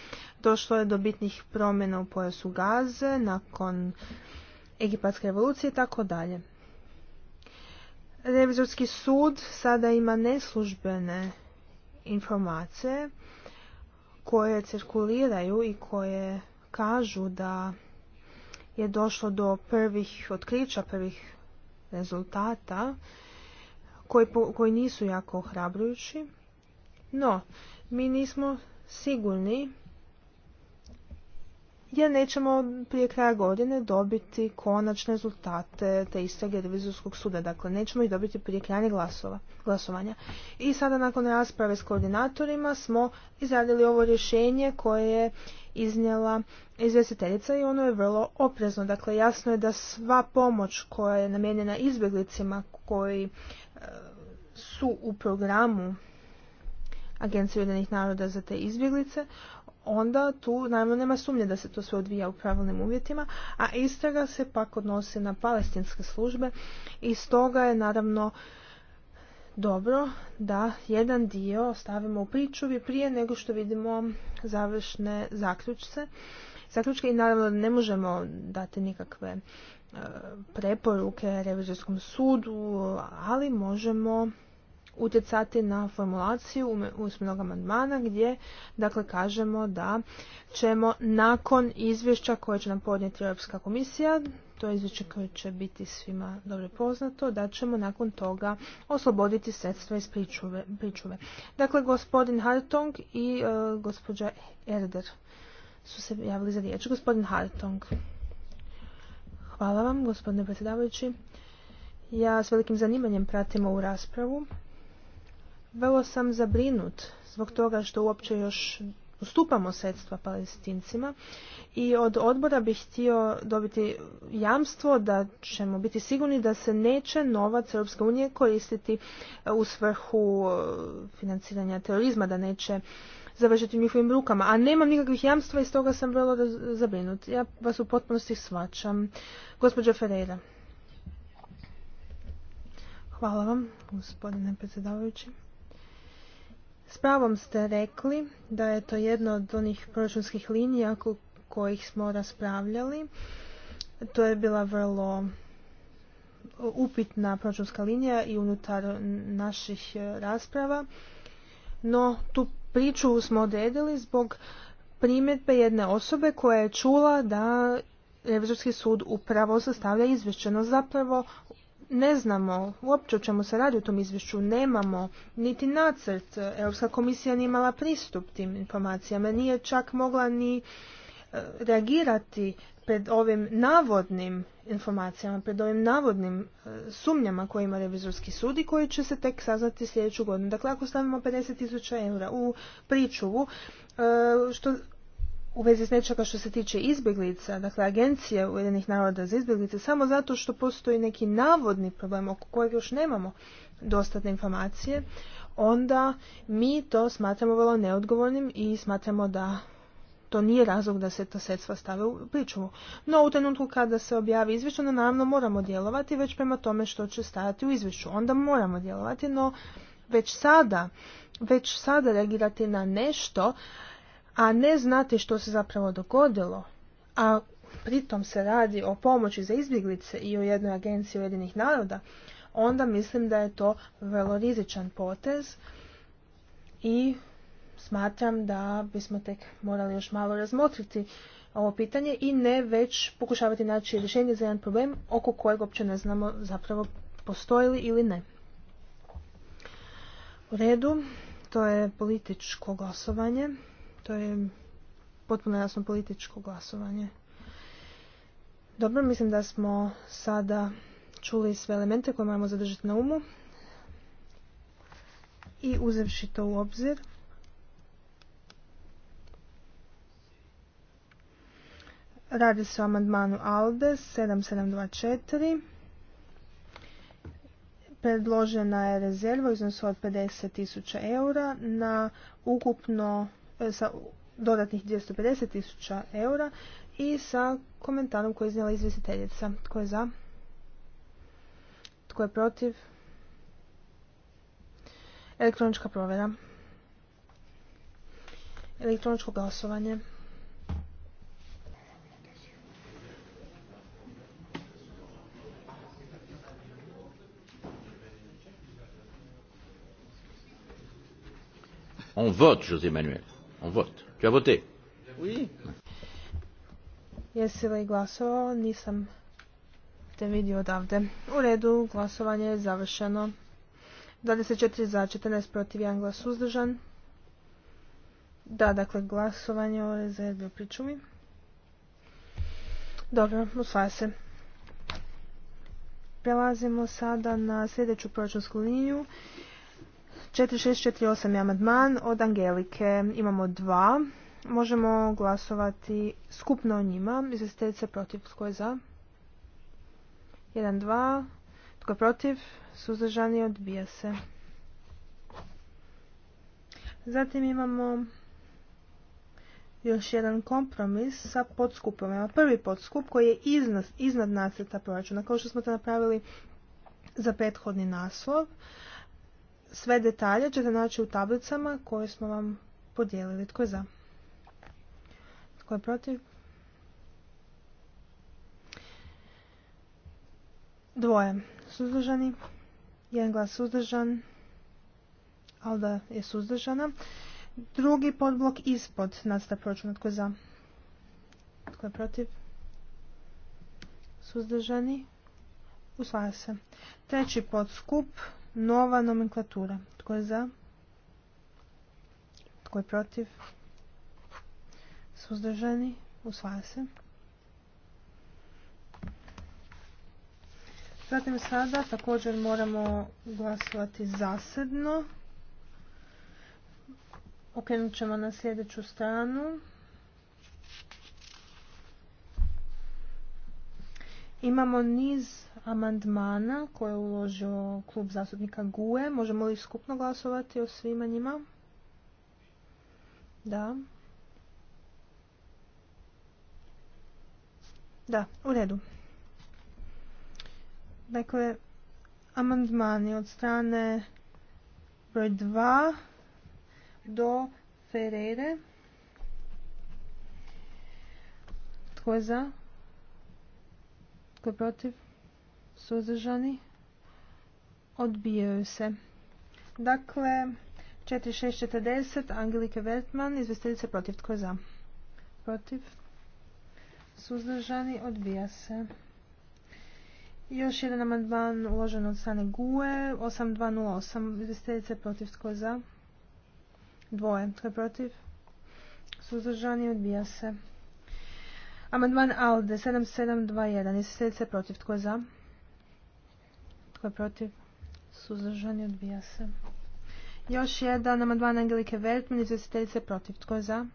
došlo je do bitnih promjena u pojasu Gaze nakon Egipatske revolucije i tako dalje. Revizorski sud sada ima neslužbene informacije koje cirkuliraju i koje kažu da je došlo do prvih otkrića, prvih rezultata koji, nisu jako ohrabrujući. No, mi nismo sigurni jer nećemo prije kraja godine dobiti konačne rezultate te istrage revizorskog suda. Dakle, nećemo ih dobiti prije kraja glasova, glasovanja. I sada nakon rasprave s koordinatorima smo izradili ovo rješenje koje je iznijela izvjestiteljica i ono je vrlo oprezno. Dakle, jasno je da sva pomoć koja je namijenjena izbjeglicima koji e, su u programu Agencije Ujedinih naroda za te izbjeglice, onda tu naravno nema sumnje da se to sve odvija u pravilnim uvjetima, a istraga se pak odnosi na palestinske službe i stoga je naravno dobro da jedan dio stavimo u pričuvi prije nego što vidimo završne zaključce. Zaključke i naravno ne možemo dati nikakve e, preporuke revizorskom sudu, ali možemo utjecati na formulaciju usmenog amandmana gdje dakle kažemo da ćemo nakon izvješća koje će nam podnijeti Europska komisija, to je izvješće koje će biti svima dobro poznato, da ćemo nakon toga osloboditi sredstva iz pričuve. Dakle, gospodin Hartong i e, gospođa Erder su se javili za riječ. Gospodin Hartong. Hvala vam, gospodine predsjedavajući. Ja s velikim zanimanjem pratim ovu raspravu vrlo sam zabrinut zbog toga što uopće još ustupamo sredstva palestincima i od odbora bih htio dobiti jamstvo da ćemo biti sigurni da se neće novac EU koristiti uh, u svrhu uh, financiranja terorizma, da neće završiti u njihovim rukama. A nemam nikakvih jamstva i stoga sam vrlo zabrinut. Ja vas u potpunosti svačam. Gospođa Ferreira. Hvala vam, gospodine predsjedavajući. S pravom ste rekli da je to jedna od onih proračunskih linija kojih smo raspravljali. To je bila vrlo upitna proračunska linija i unutar naših e, rasprava. No, tu priču smo odredili zbog primjetbe jedne osobe koja je čula da Revizorski sud upravo sastavlja izvješće, zapravo ne znamo uopće o čemu se radi u tom izvješću, nemamo niti nacrt. Europska komisija nije imala pristup tim informacijama, nije čak mogla ni e, reagirati pred ovim navodnim informacijama, pred ovim navodnim e, sumnjama koje ima revizorski sud i koji će se tek saznati sljedeću godinu. Dakle, ako stavimo 50.000 eura u pričuvu, e, što u vezi s nečega što se tiče izbjeglica, dakle agencije Ujedinih naroda za izbjeglice, samo zato što postoji neki navodni problem oko kojeg još nemamo dostatne informacije, onda mi to smatramo vrlo neodgovornim i smatramo da to nije razlog da se ta sredstva stave u pričuvu. No u trenutku kada se objavi izvješće, onda naravno moramo djelovati već prema tome što će stajati u izvješću. Onda moramo djelovati, no već sada, već sada reagirati na nešto a ne znati što se zapravo dogodilo, a pritom se radi o pomoći za izbjeglice i o jednoj agenciji Ujedinih naroda, onda mislim da je to vrlo rizičan potez i smatram da bismo tek morali još malo razmotriti ovo pitanje i ne već pokušavati naći rješenje za jedan problem oko kojeg uopće ne znamo zapravo postoji li ili ne. U redu, to je političko glasovanje. To je potpuno jasno političko glasovanje. Dobro, mislim da smo sada čuli sve elemente koje moramo zadržati na umu i uzevši to u obzir. Radi se o amandmanu ALDE 7724. Predložena je rezerva u iznosu od 50.000 eura na ukupno E, sa dodatnih 250 tisuća eura i sa komentarom koji je iznijela izvjestiteljica. Tko je za? Tko je protiv? Elektronička provjera. Elektroničko glasovanje. On vote, José Manuel. On vote. Tu as voté? Oui. Jesi li glasovao? Nisam te vidio odavde. U redu, glasovanje je završeno. 24 za, 14 protiv, jedan glas uzdržan. Da, dakle, glasovanje o rezervi o pričuvi. Dobro, usvaja se. Prelazimo sada na sljedeću proračunsku liniju. 4648 je amandman od Angelike. Imamo dva. Možemo glasovati skupno o njima. se protiv. Tko je za? 1, 2. Tko je protiv? Suzdržani odbija se. Zatim imamo još jedan kompromis sa podskupom. Prvi podskup koji je iznad, iznad nacrta proračuna, kao što smo to napravili za prethodni naslov sve detalje ćete naći u tablicama koje smo vam podijelili. Tko je za? Tko je protiv? Dvoje suzdržani, jedan glas suzdržan, Alda je suzdržana. Drugi podblok ispod nasta proračuna. Tko je za? Tko je protiv? Suzdržani. Usvaja se. Treći podskup Nova nomenklatura. Tko je za? Tko je protiv? Suzdržani? Usvaja se. Zatim sada također moramo glasovati zasedno. Okrenut ćemo na sljedeću stranu. Imamo niz amandmana koje je uložio klub zastupnika GUE. Možemo li skupno glasovati o svima njima? Da. Da, u redu. Dakle, amandmani od strane broj 2 do Ferere. Tko je za? Tko je protiv? suzdržani, odbijaju se. Dakle, 4640 Angelike Vertman, izvjestiteljice protiv, tko je za? Protiv, suzdržani, odbija se. Još jedan amandman uložen od strane GUE, 8208, izvjestiteljice protiv, tko je za? Dvoje, tko je protiv? Suzdržani, odbija se. Amandman ALDE 7721, izvjestiteljice protiv, tko je za? Tko je protiv? Suzdržani odbija se. Još jedan amandman Angelike Vertman, izvjestiteljice protiv. Tko je za?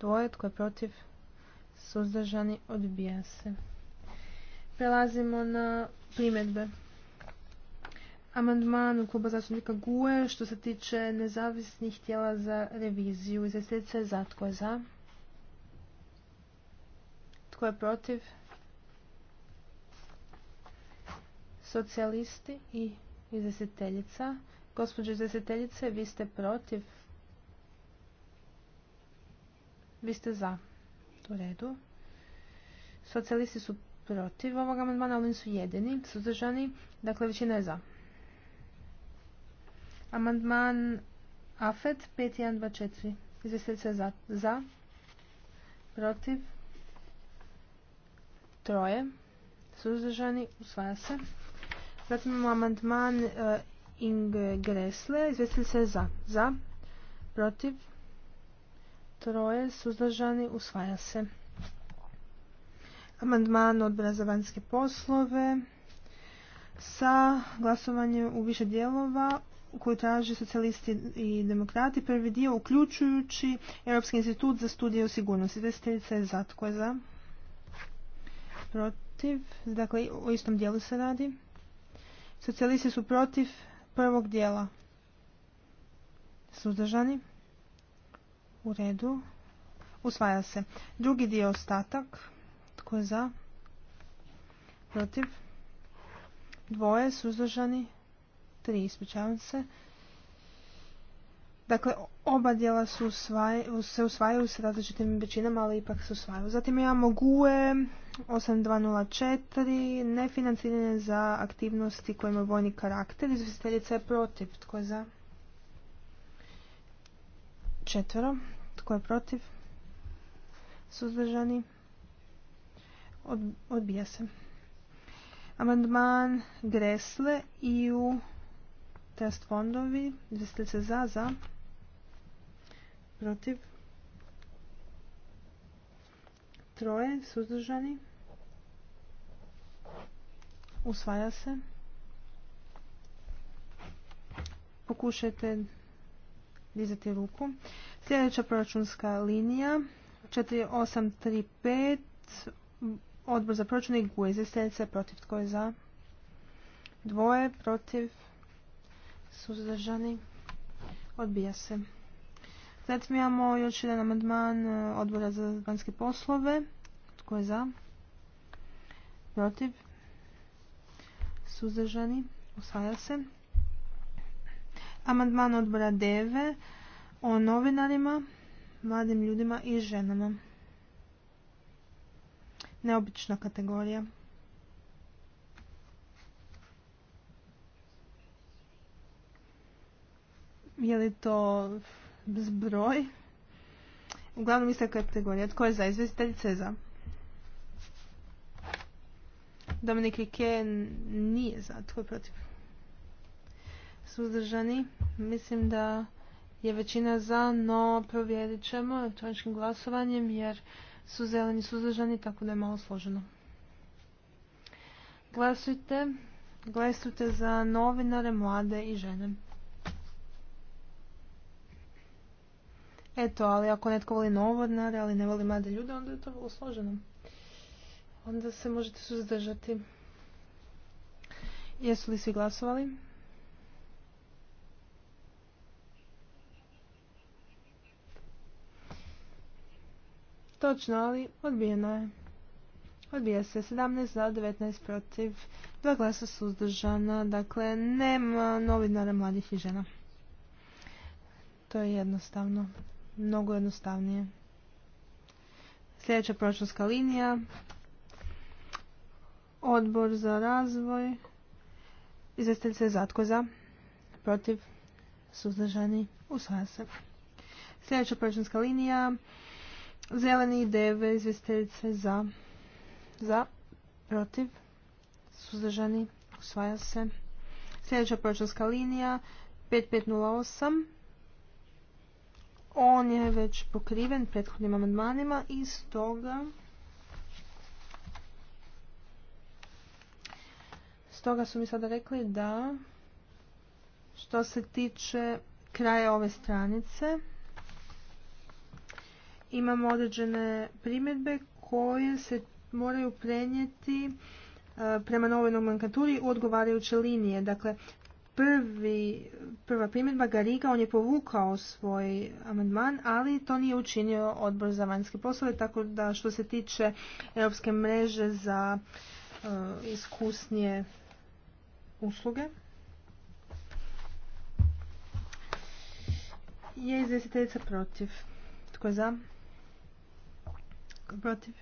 Dvoje. Tko je protiv? Suzdržani odbija se. Prelazimo na primjedbe. Amandman u kluba zastupnika GUE što se tiče nezavisnih tijela za reviziju. Izvjestiteljice za. Tko je za? Tko je protiv? socijalisti i izvjestiteljica. Gospođo izvjestiteljice, vi ste protiv? Vi ste za. U redu. Socijalisti su protiv ovog amandmana, ali oni su jedini, suzdržani. Dakle, većina je za. Amandman AFET 5124. Izvjestiteljica je za. za. Protiv. Troje. Suzdržani. Usvaja se. Zatim imamo amandman e, Inge Gresle. Izvestili se za. Za. Protiv. Troje. Suzdržani. Usvaja se. Amandman odbora za vanjske poslove sa glasovanjem u više dijelova kojoj traži socijalisti i demokrati. Prvi dio uključujući Europski institut za studije o sigurnosti. Izvestiteljica je za. Tko je za? Protiv. Dakle, o istom dijelu se radi. Socijalisti su protiv prvog dijela. Suzdržani. U redu. Usvaja se. Drugi dio ostatak. Tko je za? Protiv. Dvoje. Suzdržani. Tri. Ispričavam se. Dakle, oba dijela su usvaj, se usvajaju s različitim većinama, ali ipak se usvajaju. Zatim imamo GUE 8204, nefinanciranje za aktivnosti koje imaju vojni karakter. Izvjestiteljica je protiv. Tko je za? Četvero. Tko je protiv? Suzdržani? Odbija se. Amandman Gresle i u test fondovi. Izvjestiteljica za, za protiv, troje, suzdržani, usvaja se. Pokušajte dizati ruku. Sljedeća proračunska linija 4835 odbor za proračun i GUE protiv tko je za dvoje protiv suzdržani odbija se Zatim imamo još jedan amandman e, odbora za vanjske poslove. Tko je za? Protiv? Suzdržani? Usvaja se. Amandman odbora DEVE o novinarima, mladim ljudima i ženama. Neobična kategorija. Je li to zbroj. Uglavnom ista kategorija. Tko je za izvjestiteljice za? Dominik Rike nije za. Tko je protiv? Suzdržani. Mislim da je većina za, no provjerit ćemo elektroničkim glasovanjem jer su zeleni suzdržani, tako da je malo složeno. Glasujte. Glasujte za novinare, mlade i žene. Eto, ali ako netko voli novodnare, ali ne voli mlade ljude, onda je to vrlo složeno. Onda se možete suzdržati. Jesu li svi glasovali? Točno, ali odbijeno je. Odbija se 17 za 19 protiv, dva glasa suzdržana, dakle nema novinara mladih i žena. To je jednostavno mnogo jednostavnije. Sljedeća proračunska linija, odbor za razvoj, izvjestiteljice za tko za, protiv, suzdržani, usvaja se. Sljedeća proračunska linija, zeleni deve, izvjestiteljice za, za, protiv, suzdržani, usvaja se. Sljedeća proračunska linija, 5508, on je već pokriven prethodnim amandmanima i stoga stoga su mi sada rekli da što se tiče kraja ove stranice imamo određene primjedbe koje se moraju prenijeti eh, prema novoj nomenklaturi u odgovarajuće linije. Dakle, prvi, prva primjedba Gariga, on je povukao svoj amandman, ali to nije učinio odbor za vanjske poslove, tako da što se tiče europske mreže za eh, iskusnije usluge. Je izvjestiteljica protiv. Tko je za? Tko protiv?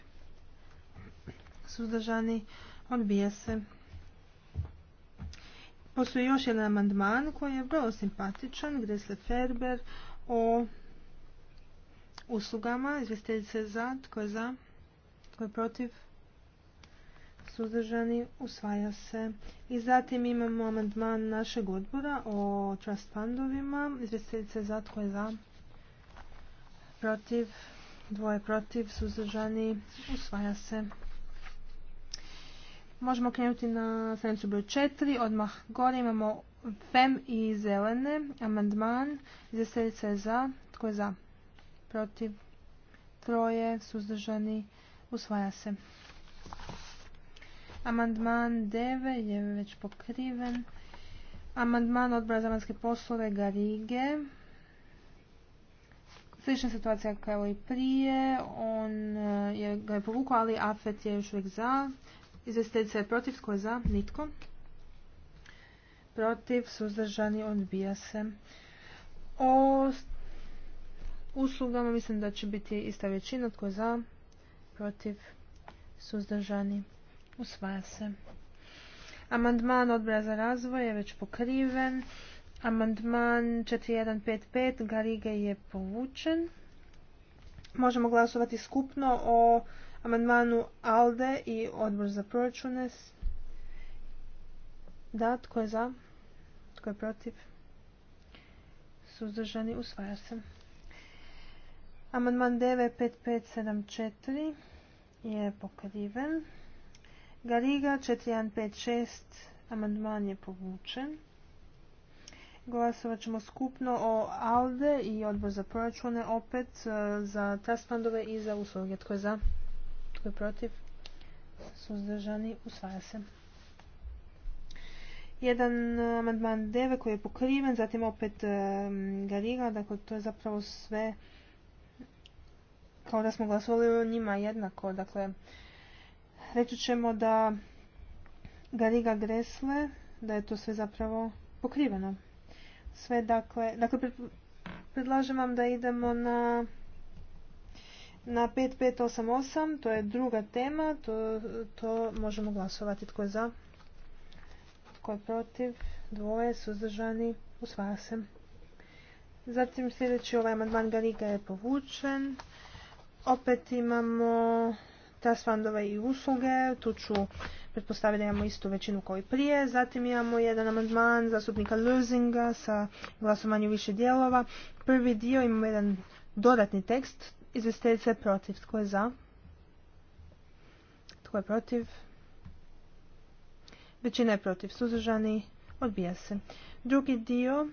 Suzdržani? Odbija se. Postoji još jedan amandman koji je vrlo simpatičan, gdje se Ferber o uslugama, izvjestiteljice za, tko je za, tko je protiv, suzdržani, usvaja se. I zatim imamo amandman našeg odbora o trust fundovima, izvjestiteljice za, tko je za, protiv, dvoje protiv, suzdržani, usvaja se. Možemo krenuti na stranicu broj 4. Odmah gore imamo FEM i zelene. Amandman. Izvjestiteljica je za. Tko je za? Protiv. Troje. Suzdržani. Usvaja se. Amandman 9 je već pokriven. Amandman odbora za vanjske poslove Garige. Slična situacija kao i prije. On eh, je ga je povukao, ali AFET je još uvijek za. Izvjestiteljica je protiv, tko je za? Nitko. Protiv, suzdržani, odbija se. O uslugama mislim da će biti ista većina, tko je za? Protiv, suzdržani, usvaja se. Amandman odbora za razvoj je već pokriven. Amandman 4155 Garige je povučen. Možemo glasovati skupno o Amandmanu ALDE i odbor za proračune. Da, tko je za? Tko je protiv? Suzdržani usvaja se. Amandman 95574 je pokriven. Gariga 4156 amandman je povučen. Glasovat ćemo skupno o ALDE i odbor za proračune, opet e, za trust i za usluge. Tko je za? protiv? Suzdržani usvaja se. Jedan e, amandman deve koji je pokriven, zatim opet e, Gariga, dakle to je zapravo sve kao da smo glasovali o njima jednako. Dakle, reći ćemo da Gariga Gresle, da je to sve zapravo pokriveno. Sve dakle, dakle predlažem vam da idemo na na 5588, to je druga tema, to, to možemo glasovati. Tko je za? Tko je protiv? Dvoje, suzdržani, usvaja se. Zatim sljedeći ovaj amandman Galiga je povučen. Opet imamo trasfandove i usluge, tu ću pretpostaviti da imamo istu većinu kao i prije. Zatim imamo jedan amandman zastupnika Luzinga sa glasovanju više dijelova. Prvi dio imamo jedan dodatni tekst, Izvjestiteljica je protiv. Tko je za? Tko je protiv? Većina je protiv. Suzdržani? Odbija se. Drugi dio.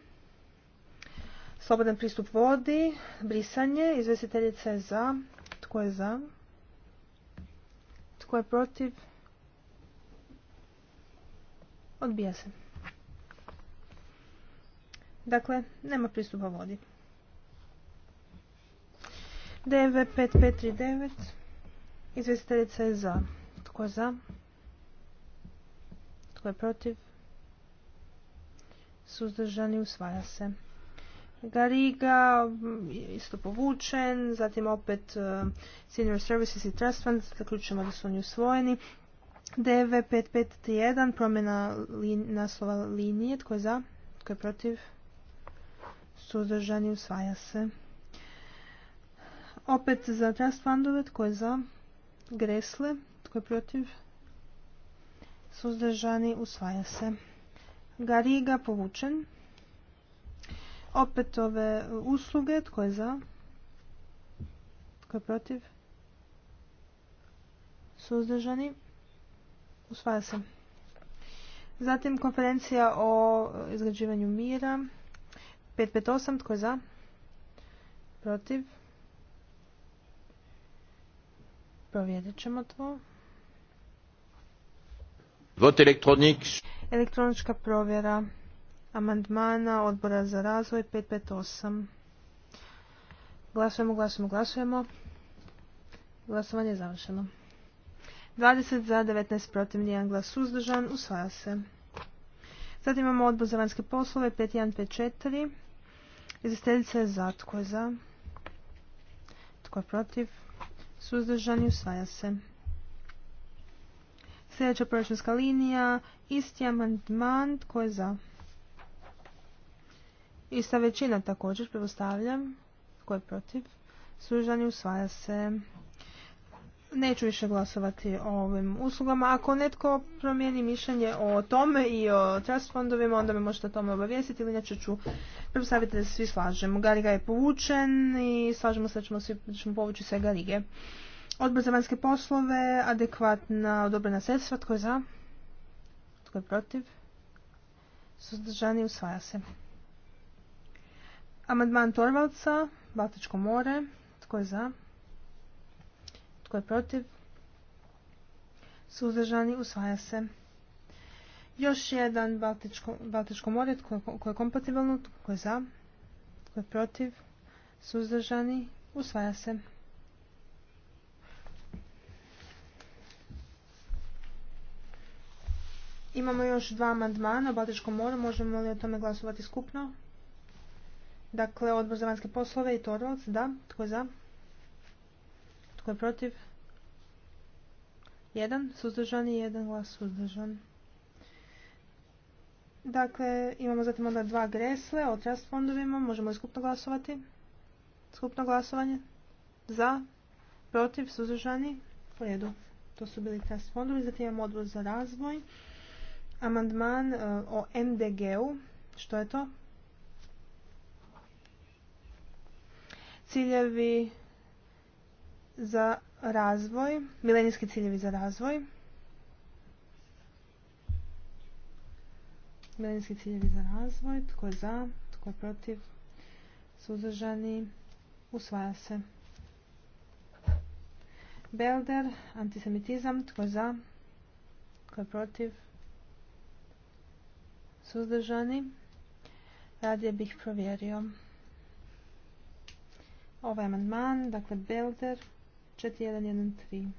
Slobodan pristup vodi. Brisanje. Izvjestiteljica je za. Tko je za? Tko je protiv? Odbija se. Dakle, nema pristupa vodi. DV5539. Izvjestiteljica je za. Tko je za? Tko je protiv? Suzdržani usvaja se. Gariga, isto povučen, zatim opet e, Senior Services i Trust Fund, zaključujemo da su oni usvojeni. DV5531, promjena naslova linije, tko je za, tko je protiv, suzdržani usvaja se. Opet za trust fundove, tko je za? Gresle, tko je protiv? Suzdržani, usvaja se. Gariga, povučen. Opet ove usluge, tko je za? Tko je protiv? Suzdržani, usvaja se. Zatim konferencija o izgrađivanju mira. 558, tko je za? Protiv? Provjerit ćemo to. Vot elektronik. Elektronička provjera amandmana odbora za razvoj 558. Glasujemo, glasujemo, glasujemo. Glasovanje je završeno. 20 za, 19 protiv, nijedan glas suzdržan, usvaja se. Zatim imamo odbor za vanjske poslove 5154. Izvjestiteljica je za, tko je za, tko je protiv, suzdržani, usvaja se. Sljedeća proračunska linija, isti amandman, tko je za? Ista većina također, prepostavljam. Tko je protiv? Suzdržani, usvaja se neću više glasovati o ovim uslugama. Ako netko promijeni mišljenje o tome i o trust fondovima, onda me možete o tome obavijestiti ili neće ću predstaviti da se svi slažemo. Gariga je povučen i slažemo se da ćemo, svi, povući sve Garige. Odbor za vanjske poslove, adekvatna odobrena sredstva, tko je za? Tko je protiv? Suzdržani usvaja se. Amandman Torvalca, Baltičko more, tko je za? Tko je protiv? Suzdržani usvaja se. Još jedan Baltičko, Baltičko more tko je kompatibilno, tko je za, tko je protiv, suzdržani, usvaja se. Imamo još dva amandmana o Baltičkom moru, možemo li o tome glasovati skupno? Dakle, odbor za vanjske poslove i Torvalds, da, tko je za, tko je protiv? Jedan suzdržani i jedan glas suzdržan. Dakle, imamo zatim onda dva gresle o trust fondovima. Možemo li skupno glasovati? Skupno glasovanje? Za, protiv, suzdržani? U redu. To su bili trust fondovi. Zatim imamo odbor za razvoj. Amandman e, o MDG-u. Što je to? Ciljevi za razvoj, milenijski ciljevi za razvoj. Milenijski ciljevi za razvoj, tko je za, tko je protiv, suzdržani, usvaja se. Belder, antisemitizam, tko je za, tko je protiv, suzdržani, radije bih provjerio. Ovaj amandman, dakle Belder, 4113.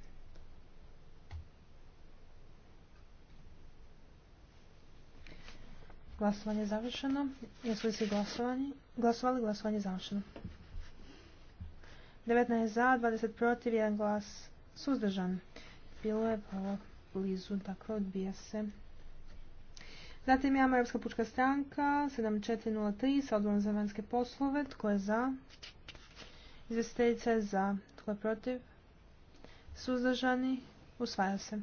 Glasovanje je završeno. Jesu li svi glasovani? glasovali? Glasovanje je završeno. 19 za, 20 protiv, 1 glas suzdržan. Bilo je vrlo blizu, dakle odbija se. Zatim imamo Europska pučka stranka 7403 sa odborom za vanjske poslove. Tko je za? Izvjestiteljica je za. Tko je protiv? Suzdržani? Usvaja se.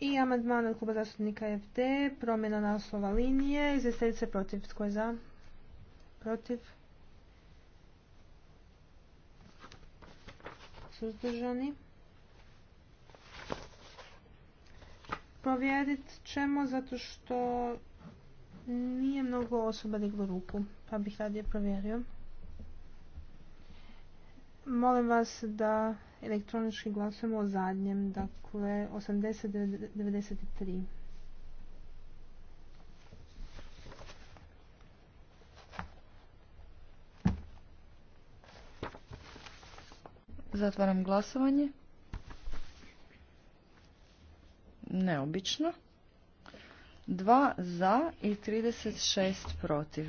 I amandman od kluba zastupnika FD. Promjena naslova linije. Izvjestiteljica je protiv. Tko je za? Protiv? Suzdržani? Provjerit ćemo zato što nije mnogo osoba diglo ruku, pa bih radije provjerio. Molim vas da elektronički glasujemo o zadnjem, dakle 80-93. Zatvaram glasovanje. Neobično. 2 za i 36 protiv.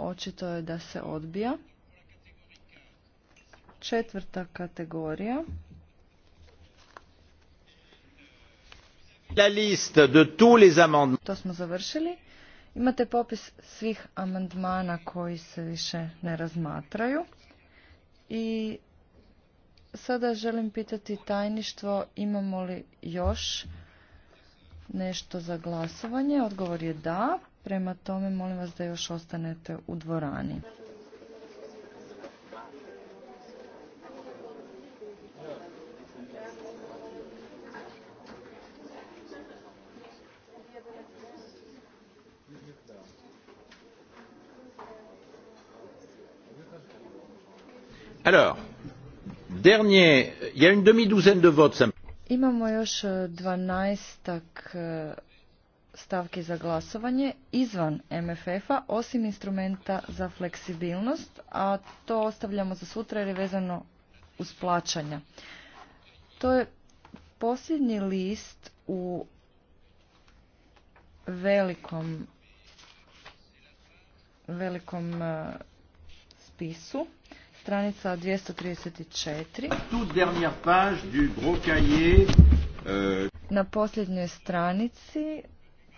Očito je da se odbija. Četvrta kategorija. La liste de tous les To smo završili. Imate popis svih amandmana koji se više ne razmatraju. I sada želim pitati tajništvo imamo li još nešto za glasovanje. Odgovor je da prema tome molim vas da još ostanete u dvorani. Alors, dernier, il y a une demi-douzaine de votes. Imamo još 12 eh, dvanaestak eh, stavki za glasovanje izvan MFF-a osim instrumenta za fleksibilnost, a to ostavljamo za sutra jer je vezano uz plaćanja. To je posljednji list u velikom velikom e, spisu stranica 234 euh, na posljednjoj stranici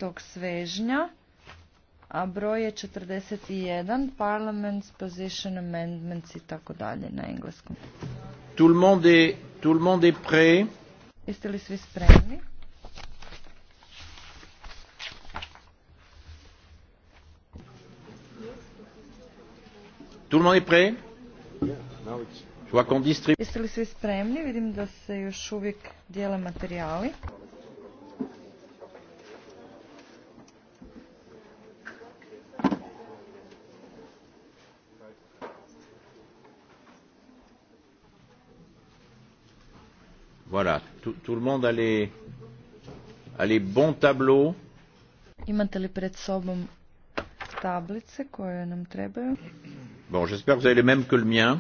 tog svežnja, a broj je 41, Parliament's Position Amendments i tako dalje na engleskom. Tout le monde est, tout le monde est prêt. Jeste li svi spremni? Tout le monde est prêt? Je vois qu'on distribue. Jeste li svi spremni? Vidim da se još uvijek dijele materijali. Voilà, tout, tout le monde a les, a les bons tableaux. Imate li pred sobom tablice koje nam trebaju? Bon, j'espère que vous avez les mêmes que le mien.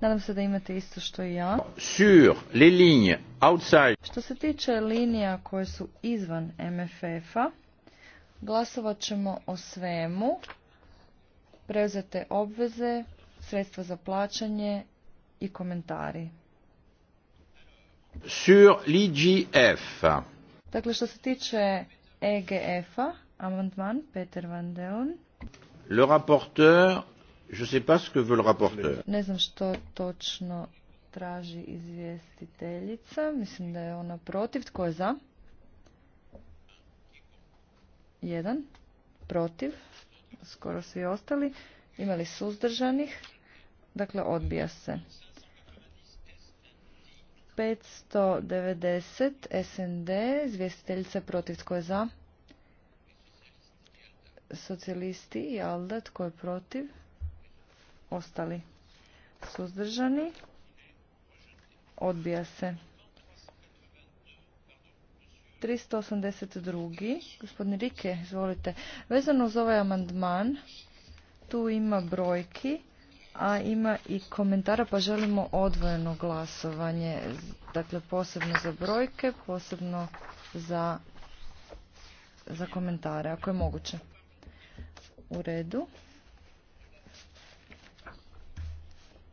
Nadam se da imate isto što i ja. Sur les lignes outside. Što se tiče linija koje su izvan MFF-a, glasovat ćemo o svemu, preuzete obveze, sredstva za plaćanje i komentari. Sur l'IGF. Dakle, što se tiče EGF-a, amandman Peter Van Deon. Le rapporteur, je pas que veut le rapporteur. Ne znam što točno traži izvjestiteljica. Mislim da je ona protiv. Tko je za? Jedan. Protiv. Skoro svi ostali. Imali suzdržanih. Dakle, odbija se. 590 SND, izvjestiteljica protiv tko je za? Socijalisti i Alda, tko je protiv? Ostali suzdržani. Odbija se. 382. gospodin Rike, izvolite. Vezano uz ovaj amandman, tu ima brojki a ima i komentara pa želimo odvojeno glasovanje, dakle posebno za brojke, posebno za, za komentare, ako je moguće. U redu.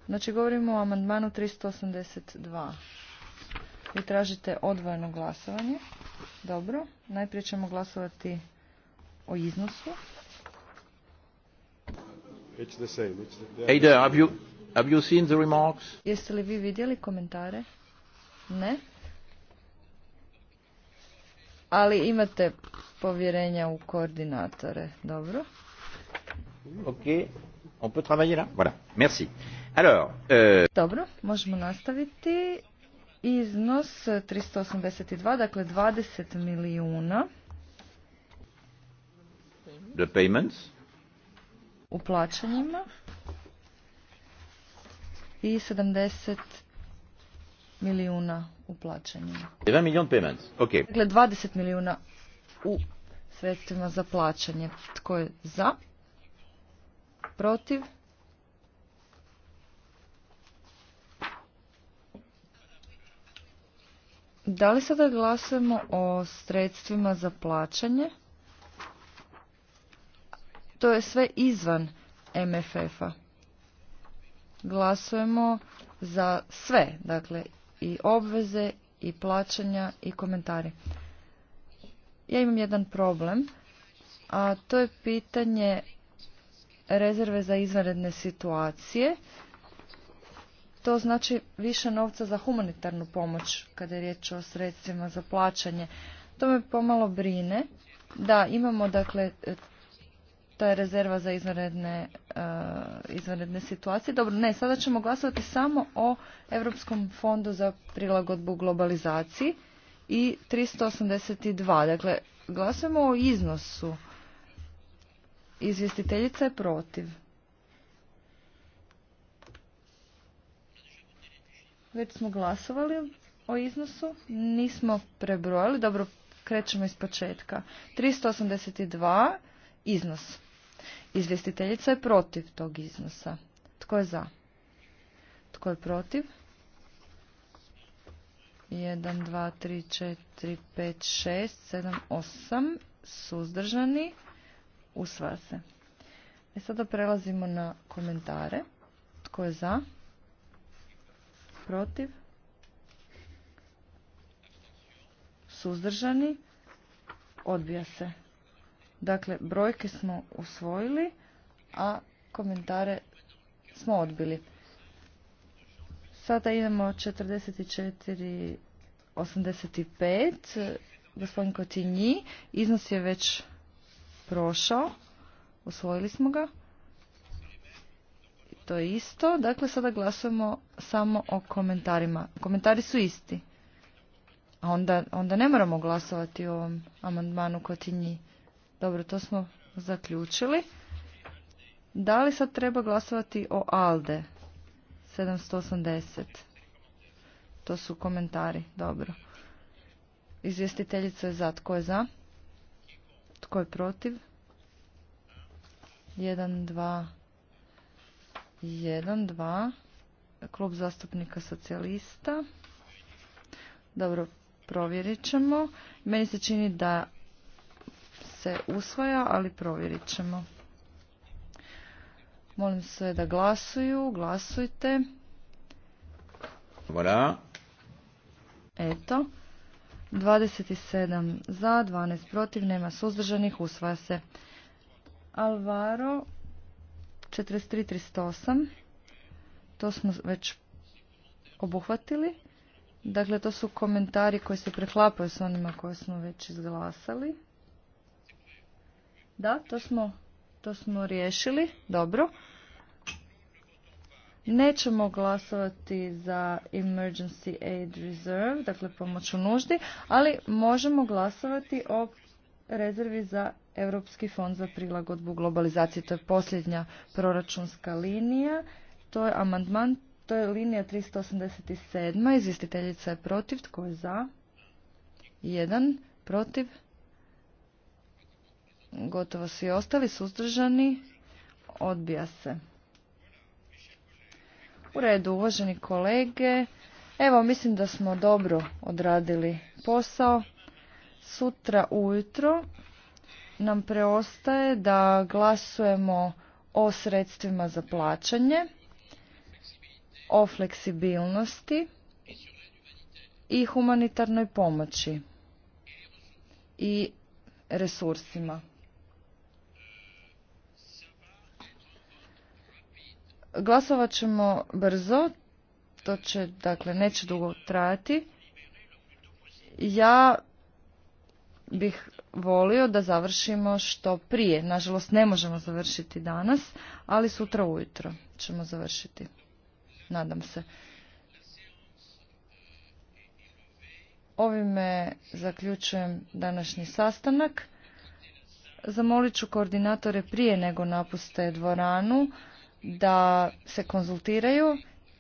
Znači govorimo o amandmanu 382. Vi tražite odvojeno glasovanje. Dobro, najprije ćemo glasovati o iznosu. It's the same. It's the... Ada, have you, have you seen the remarks? Jeste li vi vidjeli komentare? Ne. Ali imate povjerenja u koordinatore, dobro? Ok, on peut travailler là. Voilà, merci. Alors, euh... Dobro, možemo nastaviti. Iznos 382, dakle 20 milijuna. The payments? u plaćanjima i 70 milijuna u plaćanjima. 1 payments, ok. Dakle, 20 milijuna u sredstvima za plaćanje. Tko je za? Protiv? Da li sada glasujemo o sredstvima za plaćanje? To je sve izvan MFF-a. Glasujemo za sve, dakle i obveze i plaćanja i komentari. Ja imam jedan problem, a to je pitanje rezerve za izvanredne situacije. To znači više novca za humanitarnu pomoć kada je riječ o sredstvima za plaćanje. To me pomalo brine. Da, imamo dakle to je rezerva za izvanredne, eh, izvanredne situacije. Dobro, ne, sada ćemo glasovati samo o Europskom fondu za prilagodbu globalizaciji i 382. Dakle, glasujemo o iznosu. Izvjestiteljica je protiv. Već smo glasovali o iznosu. Nismo prebrojali. Dobro, krećemo iz početka. 382 iznos. Izvjestiteljica je protiv tog iznosa. Tko je za? Tko je protiv? 1, 2, 3, 4, 5, 6, 7, 8. Suzdržani. Usvaja se. E sada prelazimo na komentare. Tko je za? Protiv? Suzdržani? Odbija se. Dakle, brojke smo usvojili, a komentare smo odbili. Sada idemo 44.85. Gospodin Kotinji, iznos je već prošao. Usvojili smo ga. To je isto. Dakle, sada glasujemo samo o komentarima. Komentari su isti. A onda, ne moramo glasovati o ovom amandmanu Kotinji. Dobro, to smo zaključili. Da li sad treba glasovati o ALDE? 780. To su komentari. Dobro. Izvjestiteljica je za. Tko je za? Tko je protiv? 1, 2, 1, 2. Klub zastupnika socijalista. Dobro, provjerit ćemo. Meni se čini da se usvaja, ali provjerit ćemo. Molim sve da glasuju, glasujte. Voilà. Eto. 27 za, 12 protiv, nema suzdržanih, usvaja se. Alvaro, 43.308. To smo već obuhvatili. Dakle, to su komentari koji se preklapaju s onima koje smo već izglasali. Da, to smo, to smo riješili. Dobro. Nećemo glasovati za Emergency Aid Reserve, dakle pomoć u nuždi, ali možemo glasovati o rezervi za Europski fond za prilagodbu globalizacije. To je posljednja proračunska linija. To je amandman, to je linija 387. Izvjestiteljica je protiv. Tko je za? Jedan. Protiv? Gotovo svi ostali suzdržani. Odbija se. U redu, uvaženi kolege. Evo, mislim da smo dobro odradili posao. Sutra ujutro nam preostaje da glasujemo o sredstvima za plaćanje, o fleksibilnosti i humanitarnoj pomoći i resursima. Glasovat ćemo brzo, to će, dakle, neće dugo trajati. Ja bih volio da završimo što prije. Nažalost, ne možemo završiti danas, ali sutra ujutro ćemo završiti. Nadam se. Ovime zaključujem današnji sastanak. Zamolit ću koordinatore prije nego napuste dvoranu da se konzultiraju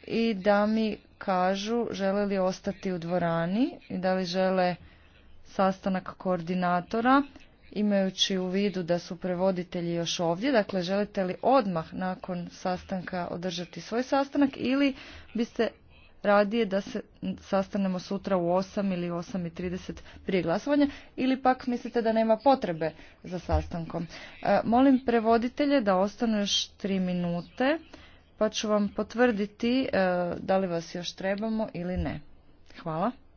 i da mi kažu žele li ostati u dvorani i da li žele sastanak koordinatora imajući u vidu da su prevoditelji još ovdje, dakle želite li odmah nakon sastanka održati svoj sastanak ili biste radije da se sastanemo sutra u 8 ili 8.30 prije glasovanja ili pak mislite da nema potrebe za sastankom. E, molim prevoditelje da ostanu još 3 minute pa ću vam potvrditi e, da li vas još trebamo ili ne. Hvala.